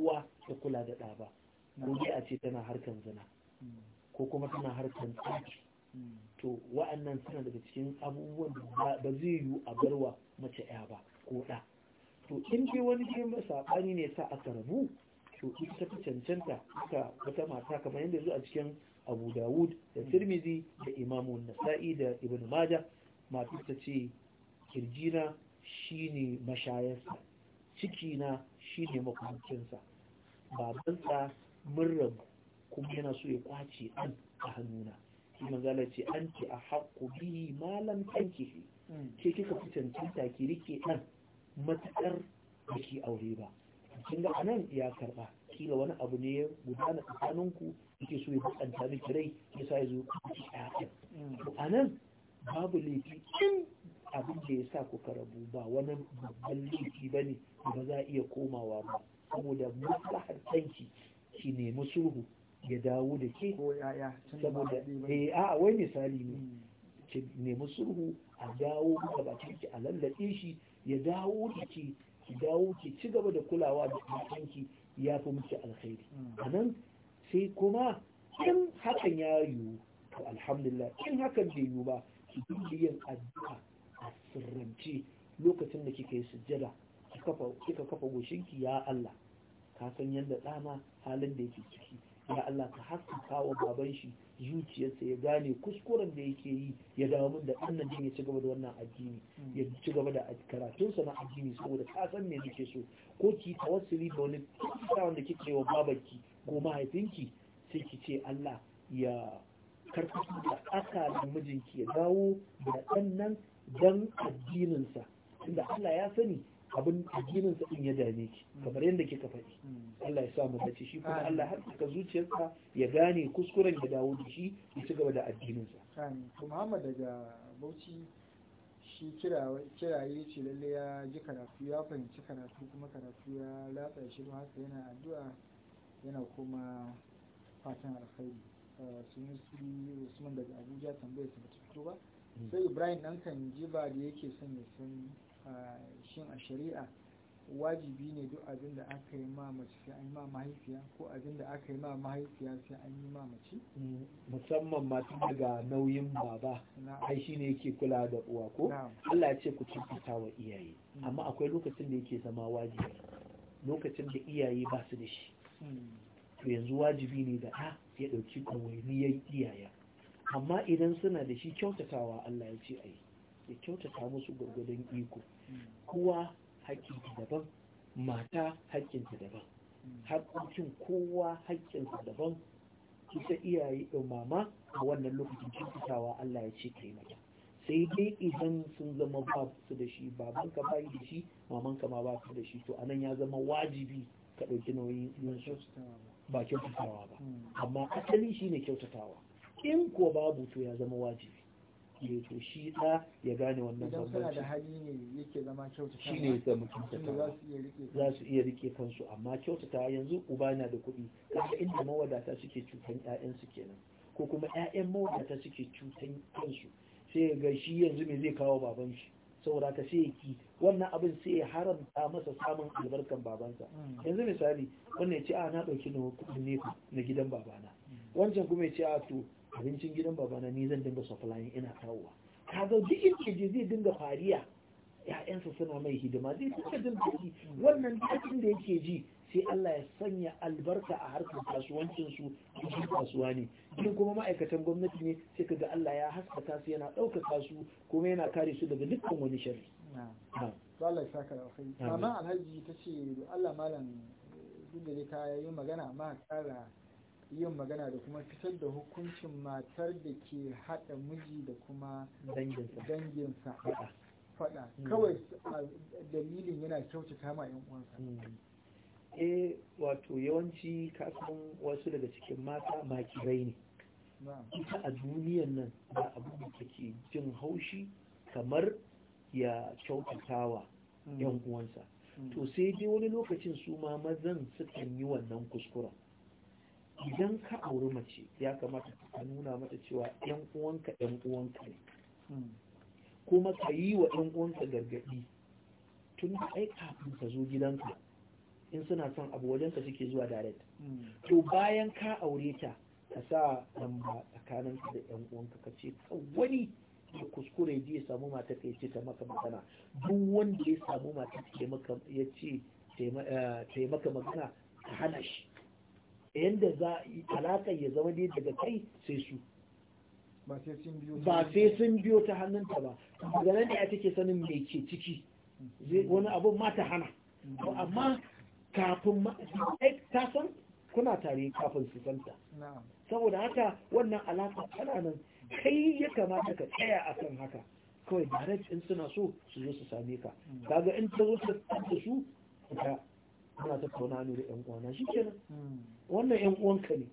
uwa ta kula da ɗa ba gobe a ce tana harkan zina hmm. ko kuma tana harkan tsaki hmm. to wa'annan suna daga cikin abubuwan da ba zai yiwu a barwa mace ya ba ko da to in dai wani ke saɓani ne sa aka rabu to in ta fi cancanta ta wata mata kamar yadda zuwa cikin abu dawud da hmm. tirmizi da imamu nasa'i da ibn maja mata ta ce kirjina shine mashayarsa cikina shine makwancinsa babansa mun rabu kuma yana so ya kwace an a hannuna shi manzala ce an ki a haƙƙo biyu malam tanki ke kika fi cancanta ki rike ɗan matuƙar da ki aure ba kin ga anan ya karɓa kila wani abu ne ya gudana ku yake so ya bukanta miki rai ya sa ya zo kuɗi to anan babu laifi in abin da ya sa kuka rabu ba wani babban laifi ba ne ba za a iya komawa ba saboda maslahar tanki ki nemi sulhu ya dawo da ke saboda eh a wai misali ne hmm. ki nemi sulhu a dawo maka bakin ki a lallace shi ya dawo da ki ki dawo ki ci gaba da kulawa da kanki ya fi miki alkhairi hmm. nan sai kuma in hakan ya yiwu to alhamdulillah in hakan bai yiwu ba ki dinga yin addu'a a sirrance lokacin da kika yi sujjada kika kafa goshinki ya Allah ka san yadda ɗana halin da yake ciki ya Allah ka haskaka wa baban shi zuciyarsa ya gane kuskuren da yake yi ya dawo min da annan din ya ci gaba da wannan addini ya ci gaba da karatunsa na addini saboda ka san me nake so ko ki tawassuli da wani kisa wanda kike wa babanki ko mahaifinki sai ki ce Allah ya karfafa da akalin mijinki ya dawo da ɗannan dan addininsa Inda Allah ya sani abin addinin sa din ya dame ki kamar yadda kika faɗi hmm. Allah ya sa mu dace shi kuma Allah har ka zuciyarsa ya gane kuskuren da dawo da shi ya ci gaba da addinin sa amin Muhammad daga Bauchi shi kiraye ce lalle ya ji karatu ya fahimci karatu kuma karatu ya latsa shi don haka yana addu'a yana kuma fatan alkhairi uh, sun yi usman daga abuja tambayar su ba ta fito ba hmm. sai ibrahim dan kan jiba da yake son ya san shin a shari'a wajibi ne duk abin da aka yi ma mace sai an yi ma mahaifiya ko abin da aka yi ma mahaifiya sai an yi ma mace musamman masu daga nauyin baba ai shi ne yake kula da uwa ko Allah ya ce ku kyautata wa iyaye hmm. amma akwai lokacin da yake zama wajibi lokacin da iyaye ba su da shi hmm. to yanzu wajibi ne da a ya ɗauki ɗawainiyar iyaye amma idan suna da shi kyautatawa Allah ya ce ai ya kyautata musu gwargwadon iko kowa haƙƙinta daban mata haƙƙinta daban haƙƙin kowa haƙƙinta daban ita iyaye mama a wannan lokacin kyautatawa Allah ya ce ka yi mata sai dai idan sun zama ba su da shi baban ka bayi da shi maman ka ma ba su da shi to anan ya zama wajibi ka ɗauki nauyin yanzu ba kyautatawa ba hmm. amma asali shine kyautatawa in ko babu to ya zama wajibi ya to shi da ya gane wannan bambanci da ne zama shi ne da ta za su iya rike kansu amma ta yanzu uba na da kuɗi kaga inda mawadata suke cutan ƴaƴan su kenan ko kuma ƴaƴan mawadata suke cutan kansu sai ga shi yanzu me zai kawo baban shi saboda ka sai ki wannan abin sai ya haramta masa samun albarkan babansa hmm. yanzu misali wannan ya ce a na ɗauki na kuɗin ne na gidan babana hmm. wancan kuma ya ce a to abincin gidan babana ni zan dinga supplying ina kawowa kaga duk inda je zai dinga fariya ya'yansa suna mai hidima zai dinga jin daɗi wannan daɗin da yake ji sai Allah ya sanya albarka a harkar kasuwancin su cikin kasuwa ne duk kuma ma'aikatan gwamnati ne sai kaga Allah ya haskaka su yana ɗaukaka su kuma yana kare su daga dukkan wani sharri Allah ya saka da alkhairi amma alhaji tace Allah malam eh, duk da dai ta yi magana amma ƙara yin magana da kuma fitar da hukuncin matar da ke haɗa miji da kuma danginsa faɗa hmm. kawai dalilin yana kyautata ma yan uwansa hmm. eh wato yawanci kasan wasu daga cikin mata makirai ne ita a duniyan nan ba abin da take jin haushi kamar ya kyautatawa yan hmm. uwansa to sai dai wani lokacin su ma mazan sukan yi wannan kuskuren idan ka auri mace ya kamata ka nuna mata cewa yan uwanka yan uwanka ne hmm. kuma ka yi wa yan uwanka gargadi tun ai kafin ka zo gidanka in suna son abu wajen ka suke zuwa direct hmm. to bayan ka aure ta ka sa lamba ka da yan uwanka ka ce wani ya kuskure ji ya samu mata ka ce ta maka magana duk wanda ya samu mata ya ce taimaka eh, magana ka hana shi yadda za a yi alaƙa ya zama dai daga kai sai su ba sai sun biyo ta hannunta ba daga nan ne a take sanin mai ke ciki wani abin ma ta hana amma kafin ma ta san kuna tare kafin su ta. saboda haka wannan alaƙa tana nan kai ya kamata ka tsaya akan haka kawai direct in suna so su zo su same ka mm. kaga in ta zo ta su ta ana tattauna ne da 'yan uwana shi kenan hmm. wannan 'yan uwanka ne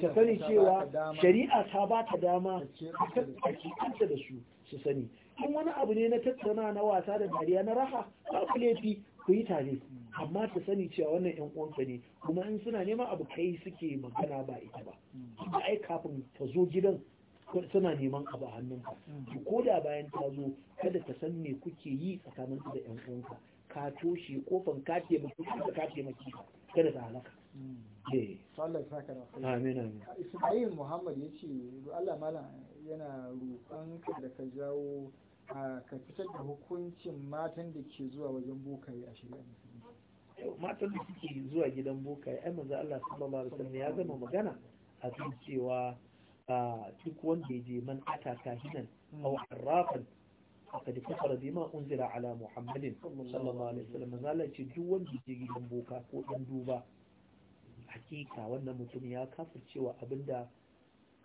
ta sani cewa shari'a ta ba ta dama a kikanta da su su sani in wani abu ne na tattauna na wasa da dariya na raha ba ku laifi ku yi tare hmm. amma ta sani cewa wannan yan uwanka ne kuma in suna neman abu kai suke magana ba ita ba da hmm. ai kafin ta zo gidan suna neman abu a hannunka ko da bayan ta zo kada ta san me kuke yi tsakanin da yan uwanka ka toshe kofan ka ce mutum ka ka ce mutum kada ta halaka hmm. eh. Allah saka da amin amin Ismail Muhammad yace Allah malam yana roƙon ka da ka jawo ka fitar da hukuncin matan da ke zuwa wajen bokaye a shari'a matan da suke zuwa gidan bokaye ai manzo Allah sallallahu alaihi wasallam ya zama magana a cikin cewa duk wanda ya je man ataka hinan hmm. aw arrafan faqad kafara bima unzila ala muhammadin sallallahu alaihi wasallam zalla ce duk wanda ke gidan boka ko dan duba hakika wannan mutum ya kafircewa abinda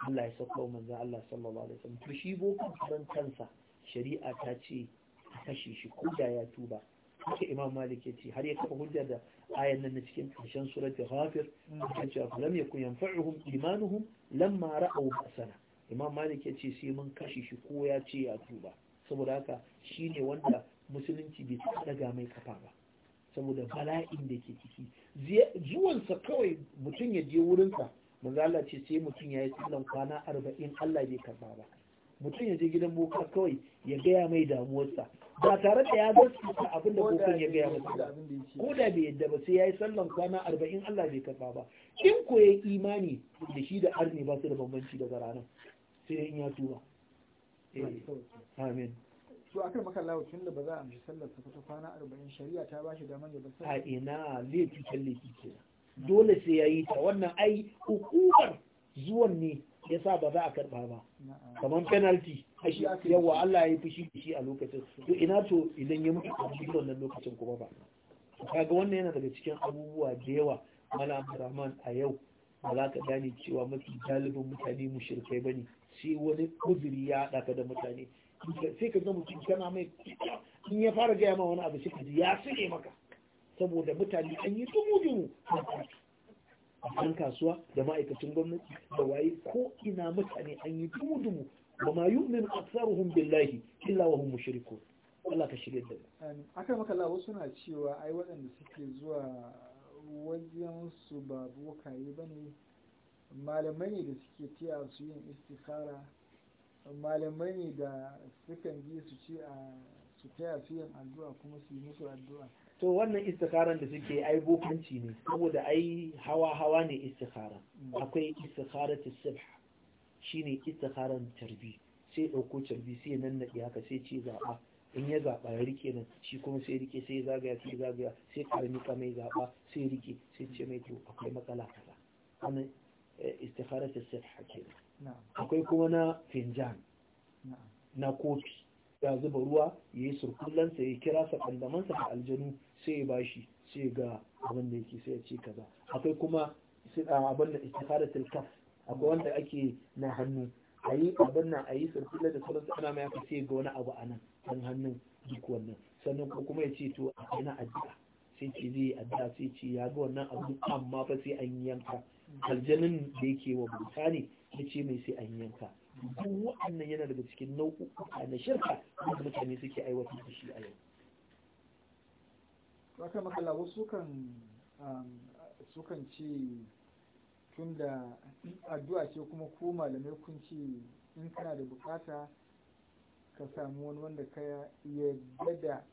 Allah ya saka wa manzon Allah sallallahu alaihi wasallam to shi bokan dan kansa shari'a ta ce ta kashe shi ko da ya tuba haka imam malik ya ce har ya kafa hujja da ayan nan na cikin karshen suratul ghafir kan cewa lam yakun yanfa'uhum imanuhum lamma ra'aw ba'sana imam malik ya ce sai mun kashe shi ko ya ce ya tuba saboda haka ne wanda musulunci bai taɓa daga mai kafa ba saboda bala'in da ke ciki zuwansa kawai mutum ya je wurinsa manzo Allah ce sai mutum ya yi sallan kwana arba'in Allah bai karba ba mutum ya je gidan boka kawai ya gaya mai damuwarsa ba tare da ya gaskata abin da bokan ya gaya masa ba ko da bai yadda ba sai ya yi sallan kwana arba'in Allah bai karba ba in ko imani da shi da arni ba su da bambanci daga ranar sai in ya tura. Eh, amin to akan maka lawo tun da ba za a amshi sallar sa ta kwana 40 shari'a ta bashi daman ya bar a ina laifi kallafi ke dole sai yayi ta wannan ai hukumar zuwan ne yasa ba za a karba ba kamar penalty yawa Allah ya yi fushi da shi a lokacin to ina to idan ya mutu a cikin wannan lokacin kuma ba kaga wannan yana daga cikin abubuwa da yawa malam Rahman a yau ba za ka gane cewa mafi galibin mutane mushrikai bane sai wani kuzuri ya haɗa da mutane sai ka zama cikin kana mai in ya fara gaya ma wani abu shi ji ya sune maka saboda mutane an yi dubu dubu a kasuwa da ma'aikacin gwamnati da waye ko ina mutane an yi dubu dubu ba ma yu'min aktsaruhum billahi illa wa hum mushrikun Allah ka shirye da mu aka maka Allah wasu na cewa ai waɗanda suke zuwa wajen su ba bokaye bane malamai ne da suke taya su yin istikhara malamai ne da sukan ji su ce a su taya su yin addu'a kuma su yi musu addu'a to wannan istikharan da suke ai bokanci ne saboda ai hawa hawa ne istikhara mm. akwai istikharatu subh shine istikharan tarbi sai dauko tarbi sai nan nade haka sai ce zaba in ya zaba ya rike nan shi kuma sai rike sai zagaya sai zagaya sai karmi kamai mai zaba sai rike sai ce mai to akwai matsala kaza wannan istikharar sai hakim akwai kuma na finjan na kofi ya zuba ruwa ya yi surkullansa ya kira sa kandamansa da aljanu sai ya bashi sai ga abin da yake sai ya ce kaza akwai kuma ah, abin da istikharar kaf akwai wanda ake na hannu a yi abin nan a yi surkullar da sauransu ana mai aka sai ga wani abu a nan dan hannun duk wannan sannan ko kuma ya ce to a na addu'a sai ce zai addu'a sai ce ya ga wannan abu amma fa sai an yanka aljanin da yake wa bauta ne ya ce mai sai an yanka duk wa'annan yana daga cikin nau'uka na shirka wanda mutane suke aiwatar da shi a yau Raka makala wasu um, sukan ce tun da addu'a ce kuma ko malamai kun ce in kana da bukata ka samu wani wanda ka yarda da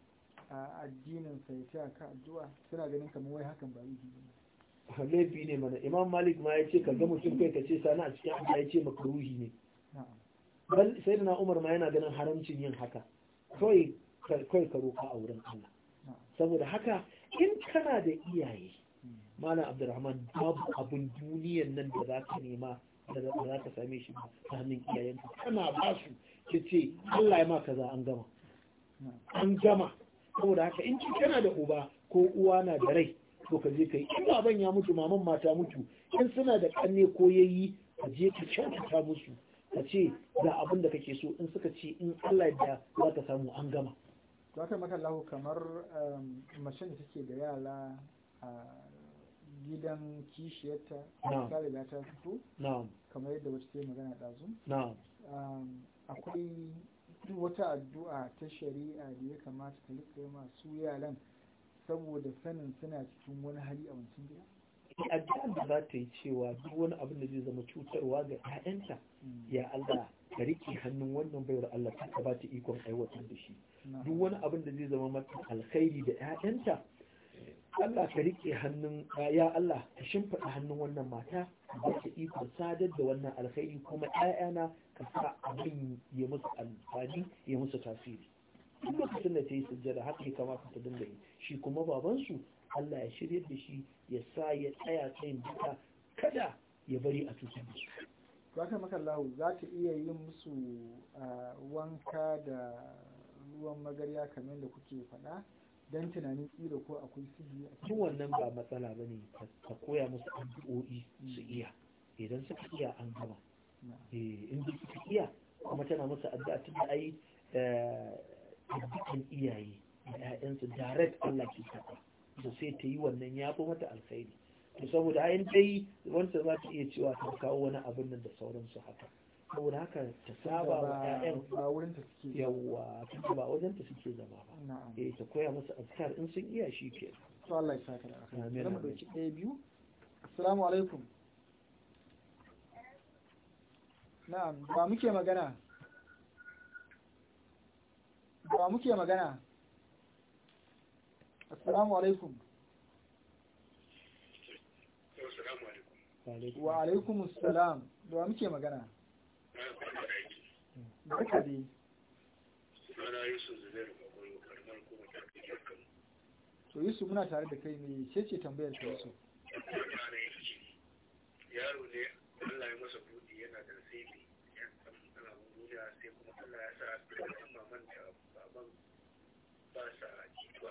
uh, addinin sa ya ka addu'a suna ganin kamar wai hakan ba yi ne laifi ne mana imam malik ma ya ce ka ga mutum kai ka ce sani a cikin abu ya ce ne ne sai da umar ma yana ganin haramcin yin haka kawai ka roka a wurin allah saboda haka in kana da iyaye malam abdurrahman babu abun duniyan nan da za ka nema da za ka same shi ba ta hannun iyayen kana ba su ki ce allah ya ma kaza an gama an gama saboda haka in kana da uba ko uwa na da rai to ka je ka yi in baban ya mutu maman mata mutu in suna da kanne ko yayi ka je ka kyautata musu ka ce ga abin da kake so in suka ce in Allah da za ka samu an gama zaka maka lahu kamar um, mashin da take da yara a gidan kishiyarta misali da ta fito kamar yadda wacce ta yi magana ɗazu um, akwai wata addu'a ta shari'a da ya kamata ta rika masu yalan saboda sanin suna cikin wani hali a wancan gida addu'ar da za ta yi cewa duk wani abin da zai zama cutarwa ga 'ya'yanta hmm. ya Allah ka rike hannun wannan baiwar Allah ka ba ta ikon aiwatar da shi duk wani abin da zai zama mata alkhairi da 'ya'yanta Allah ka rike hannun ya Allah ka shimfiɗa hannun wannan mata ba ta ikon sadar da wannan alkhairi kuma 'ya'yana ka sa abin ya musu alfani ya musu tasiri duk lokacin da ta yi sujjada haka ya kamata ta dinga yi shi kuma babansu Allah ya shirya da shi ya sa ya tsaya tsayin duka kada ya bari a tutar da su maka lahu za iya yi musu wanka da ruwan magarya kamar da kuke faɗa don tunanin tsira ko akwai sihiri a cikin wannan ba matsala ba ne ka koya musu addu'o'i su mm. iya idan suka iya an gama eh, in suka iya kuma tana musu addu'a tun da ai eh, dukkan iyaye da 'ya'yansu direct Allah ke karɓa da sai ta yi wannan ya fi mata alkhairi to saboda ayin ta yi wanda za ta iya cewa ta kawo wani abin nan da sauransu haka saboda haka ta saba wa 'ya'yan ba wurin ta suke yawa tunda ba wajen ta suke zama ba eh ta koya musu azkar in sun iya shi ke to Allah ya saka da amin zan dauki ɗaya biyu assalamu alaikum na'am ba muke magana ba muke magana assalamu alaikum wa da muke magana yusuf zubairu kuma muna tare da kai ne ce ce tambayar ka yaro ne allah ya masa buɗi yana da sai ya duniya sai kuma allah ya sa a maman da baban ba sa ba.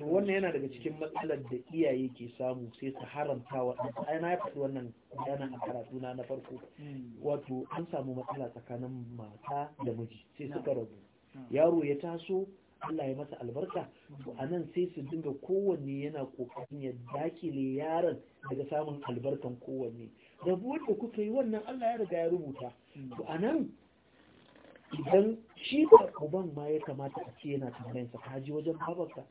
wannan yana daga cikin matsalar da iyaye ke samu sai su haramta wa ai na faɗi wannan bayanan a karatu na na farko hmm. wato an samu matsala tsakanin mata da miji sai suka rabu yaro ya taso Allah ya masa albarka hmm. to anan sai su dinga kowanne yana kokarin ya dakile yaron daga samun albarkan kowanne rabuwar da kuka yi wannan Allah ya riga ya rubuta hmm. to anan idan shi ba kuban ma ya kamata a ce yana tambayin sa kaji wajen babarka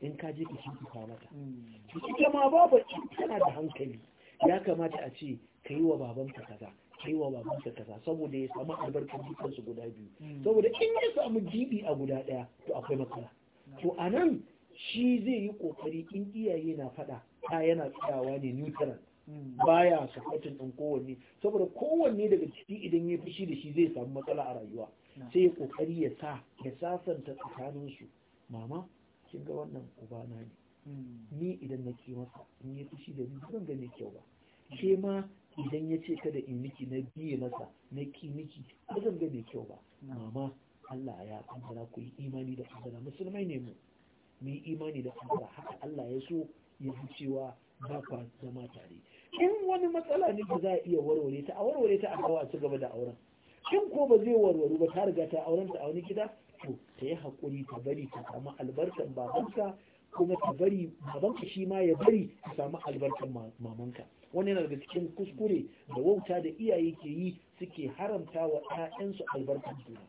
in ka je ka shinkuta mata hmm. ita ma babar tana da hankali ya kamata a ce ka yi wa babanka kaza ka yiwa wa babanka kaza saboda ya samu albarkar su guda biyu hmm. saboda in ya samu gibi a guda ɗaya to akwai matsala hmm. to anan shi zai yi kokari in iyaye na faɗa ta yana tsayawa ne neutral baya sakatun ɗin kowanne saboda kowanne daga ciki idan ya fushi da shi zai samu matsala a rayuwa sai ya kokari ya sa ya sasanta tsakanin su mama kin ga wannan uba na ne hmm. ni idan na ki masa in ya fushi da ni zan gane kyau ba hmm. ke ma idan ya ce kada in miki na biye masa na ki miki ba zan gane kyau ba mama Allah ya kaddara ku yi imani da kaddara musulmai ne mu mu yi imani da kaddara haka Allah ya so ya fi cewa ba kwa zama tare in wani matsala ne da za a iya warware ta a warware ta a kawo a ci gaba da auren in ko ba zai warware ba ta riga ta auren ta a wani gida to ta yi haƙuri ta bari ta samu albarkan babanka kuma ta bari babanka shi ma ya bari ta samu albarkan mamanka wani yana daga cikin kuskure da wauta da iyaye ke yi suke haramta wa 'ya'yansu albarkan juna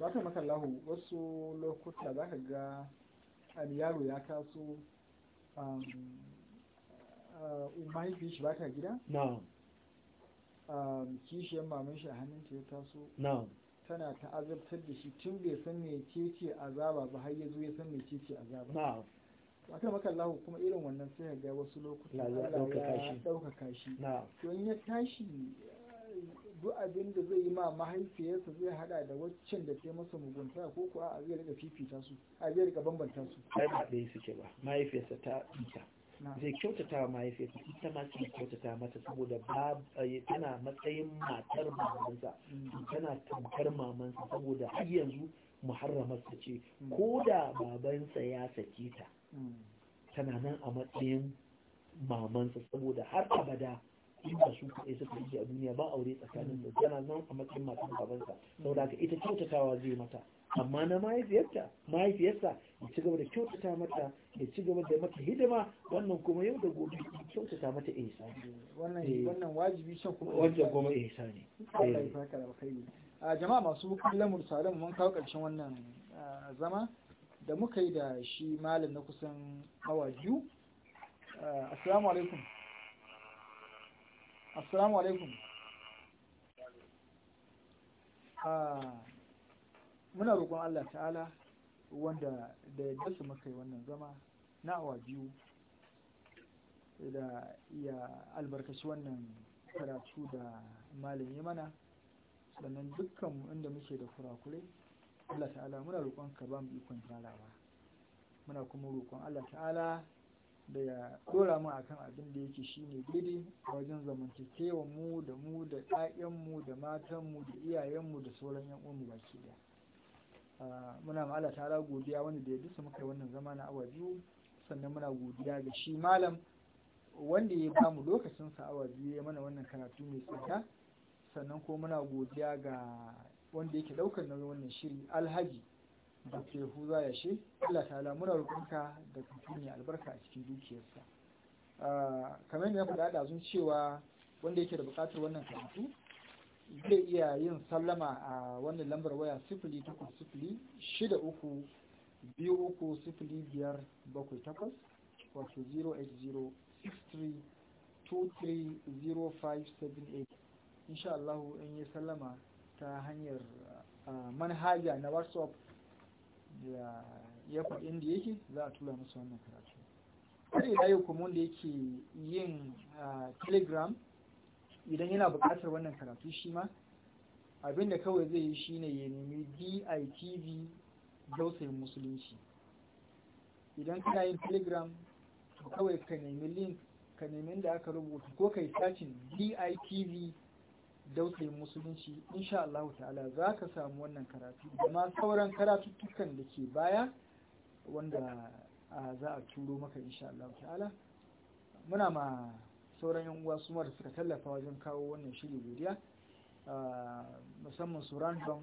baka makallahu wasu lokuta za ka ga yaro ya taso um, Uh, um, mahaifin shi ba gida? na'am um, kishiyar maman shi a hannunta ya taso? na'am tana ta azabtar da shi tun bai san mai ce ce azaba ba har ya zo ya san mai ce ce azaba na'am akan maka kuma irin wannan sai ga wasu lokutan Allah ya ɗaukaka shi don ya tashi duk abin da zai yi ma mahaifiyarsa zai hada da waccan da ta masa mugunta ko kuwa a zai rika fifita su a zai rika bambanta su ai ba ɗaya suke ba mahaifiyarsa ta fita zai kyautata wa mahaifiyarsa ita ma sai kyautata mata saboda eh, tana matsayin matar mamansa tana tamkar mamansa saboda har yanzu muharramar ta ce ko da babansa ya sake ta tana nan a matsayin mamansa saboda har abada in ba su kaɗai suka yi a duniya ba aure tsakanin su tana nan a matsayin matar babansa saboda ita kyautatawa zai mata amma na mahaifiyarta mahaifiyarsa ya ci gaba da kyautata mata ya ci gaba da mata hidima wannan kuma yau da gobe kyautata mata ihsa eh. wannan wajibi shan kuma wajen goma ihsa ne a jama'a masu kallon mursalin mun kawo karshen wannan zama da muka yi da shi malam na kusan awa biyu assalamu alaikum assalamu alaikum muna roƙon Allah ta'ala wanda da yadda su maka yi wannan zama na awa biyu da iya albarkaci wannan karatu da malin yi mana sannan dukkan inda muke da kurakure Allah ta'ala muna roƙon ka ba mu ikon jarawa. muna kuma roƙon Allah ta'ala da ya ɗora mu akan abin da yake ne gidi wajen zamantakewa mu da mu da 'ya'yanmu da matanmu da iyayenmu da sauran 'yan uwanmu baki ɗaya muna ma Allah ta'ala godiya wanda da ya dusa muka wannan zama na awa biyu sannan muna godiya ga shi malam wanda ya ba mu lokacin sa awa biyu ya mana wannan karatu mai tsada sannan ko muna godiya ga wanda yake daukar nauyin wannan shiri alhaji da ke huza ya she Allah ta'ala muna roƙonka da kafin albarka a cikin dukiyarsa kamar yadda na faɗa da cewa wanda yake da buƙatar wannan karatu zai iya yin sallama a wannan lambar waya sifili takwas sifili shida uku biyu uku sifili biyar bakwai takwas wato 08063230578 insha Allah in yi sallama ta hanyar manhaja na whatsapp da ya faɗi inda yake za a tura musu wannan karatu har ila yau kuma wanda yake yin telegram idan yana buƙatar wannan karatu shi ma abinda kawai zai yi shi ne ya nemi DITV dausayin musulunci idan kana yin telegram to kawai ka nemi link ka nemi da aka rubuta ko kai sacin DITV dausayin musulunci insha Allah ta'ala za ka samu wannan karatu da ma sauran karatuttukan da ke baya wanda za a turo maka insha Allah ta'ala muna ma sauran yan uwa suma da suka tallafa wajen kawo wannan shiri godiya musamman su random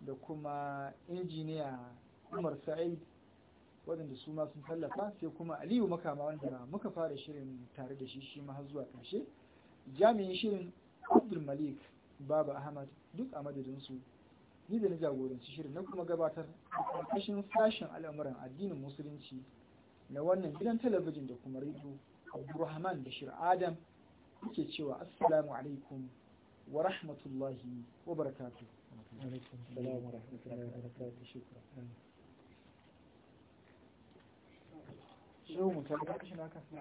da kuma injiniya umar sa'id waɗanda su ma sun tallafa sai kuma aliyu makama wanda muka fara shirin tare da shi shi ma har zuwa ƙarshe jami'in shirin abdul malik baba ahmad duk a madadinsu ni da na jagoranci shirin na kuma gabatar a ƙarƙashin sashen al'amuran addinin musulunci na wannan gidan talabijin da kuma rediyo abdurrahman bashir adam yake cewa assalamu alaikum wa rahmatullahi wa barakatu Yau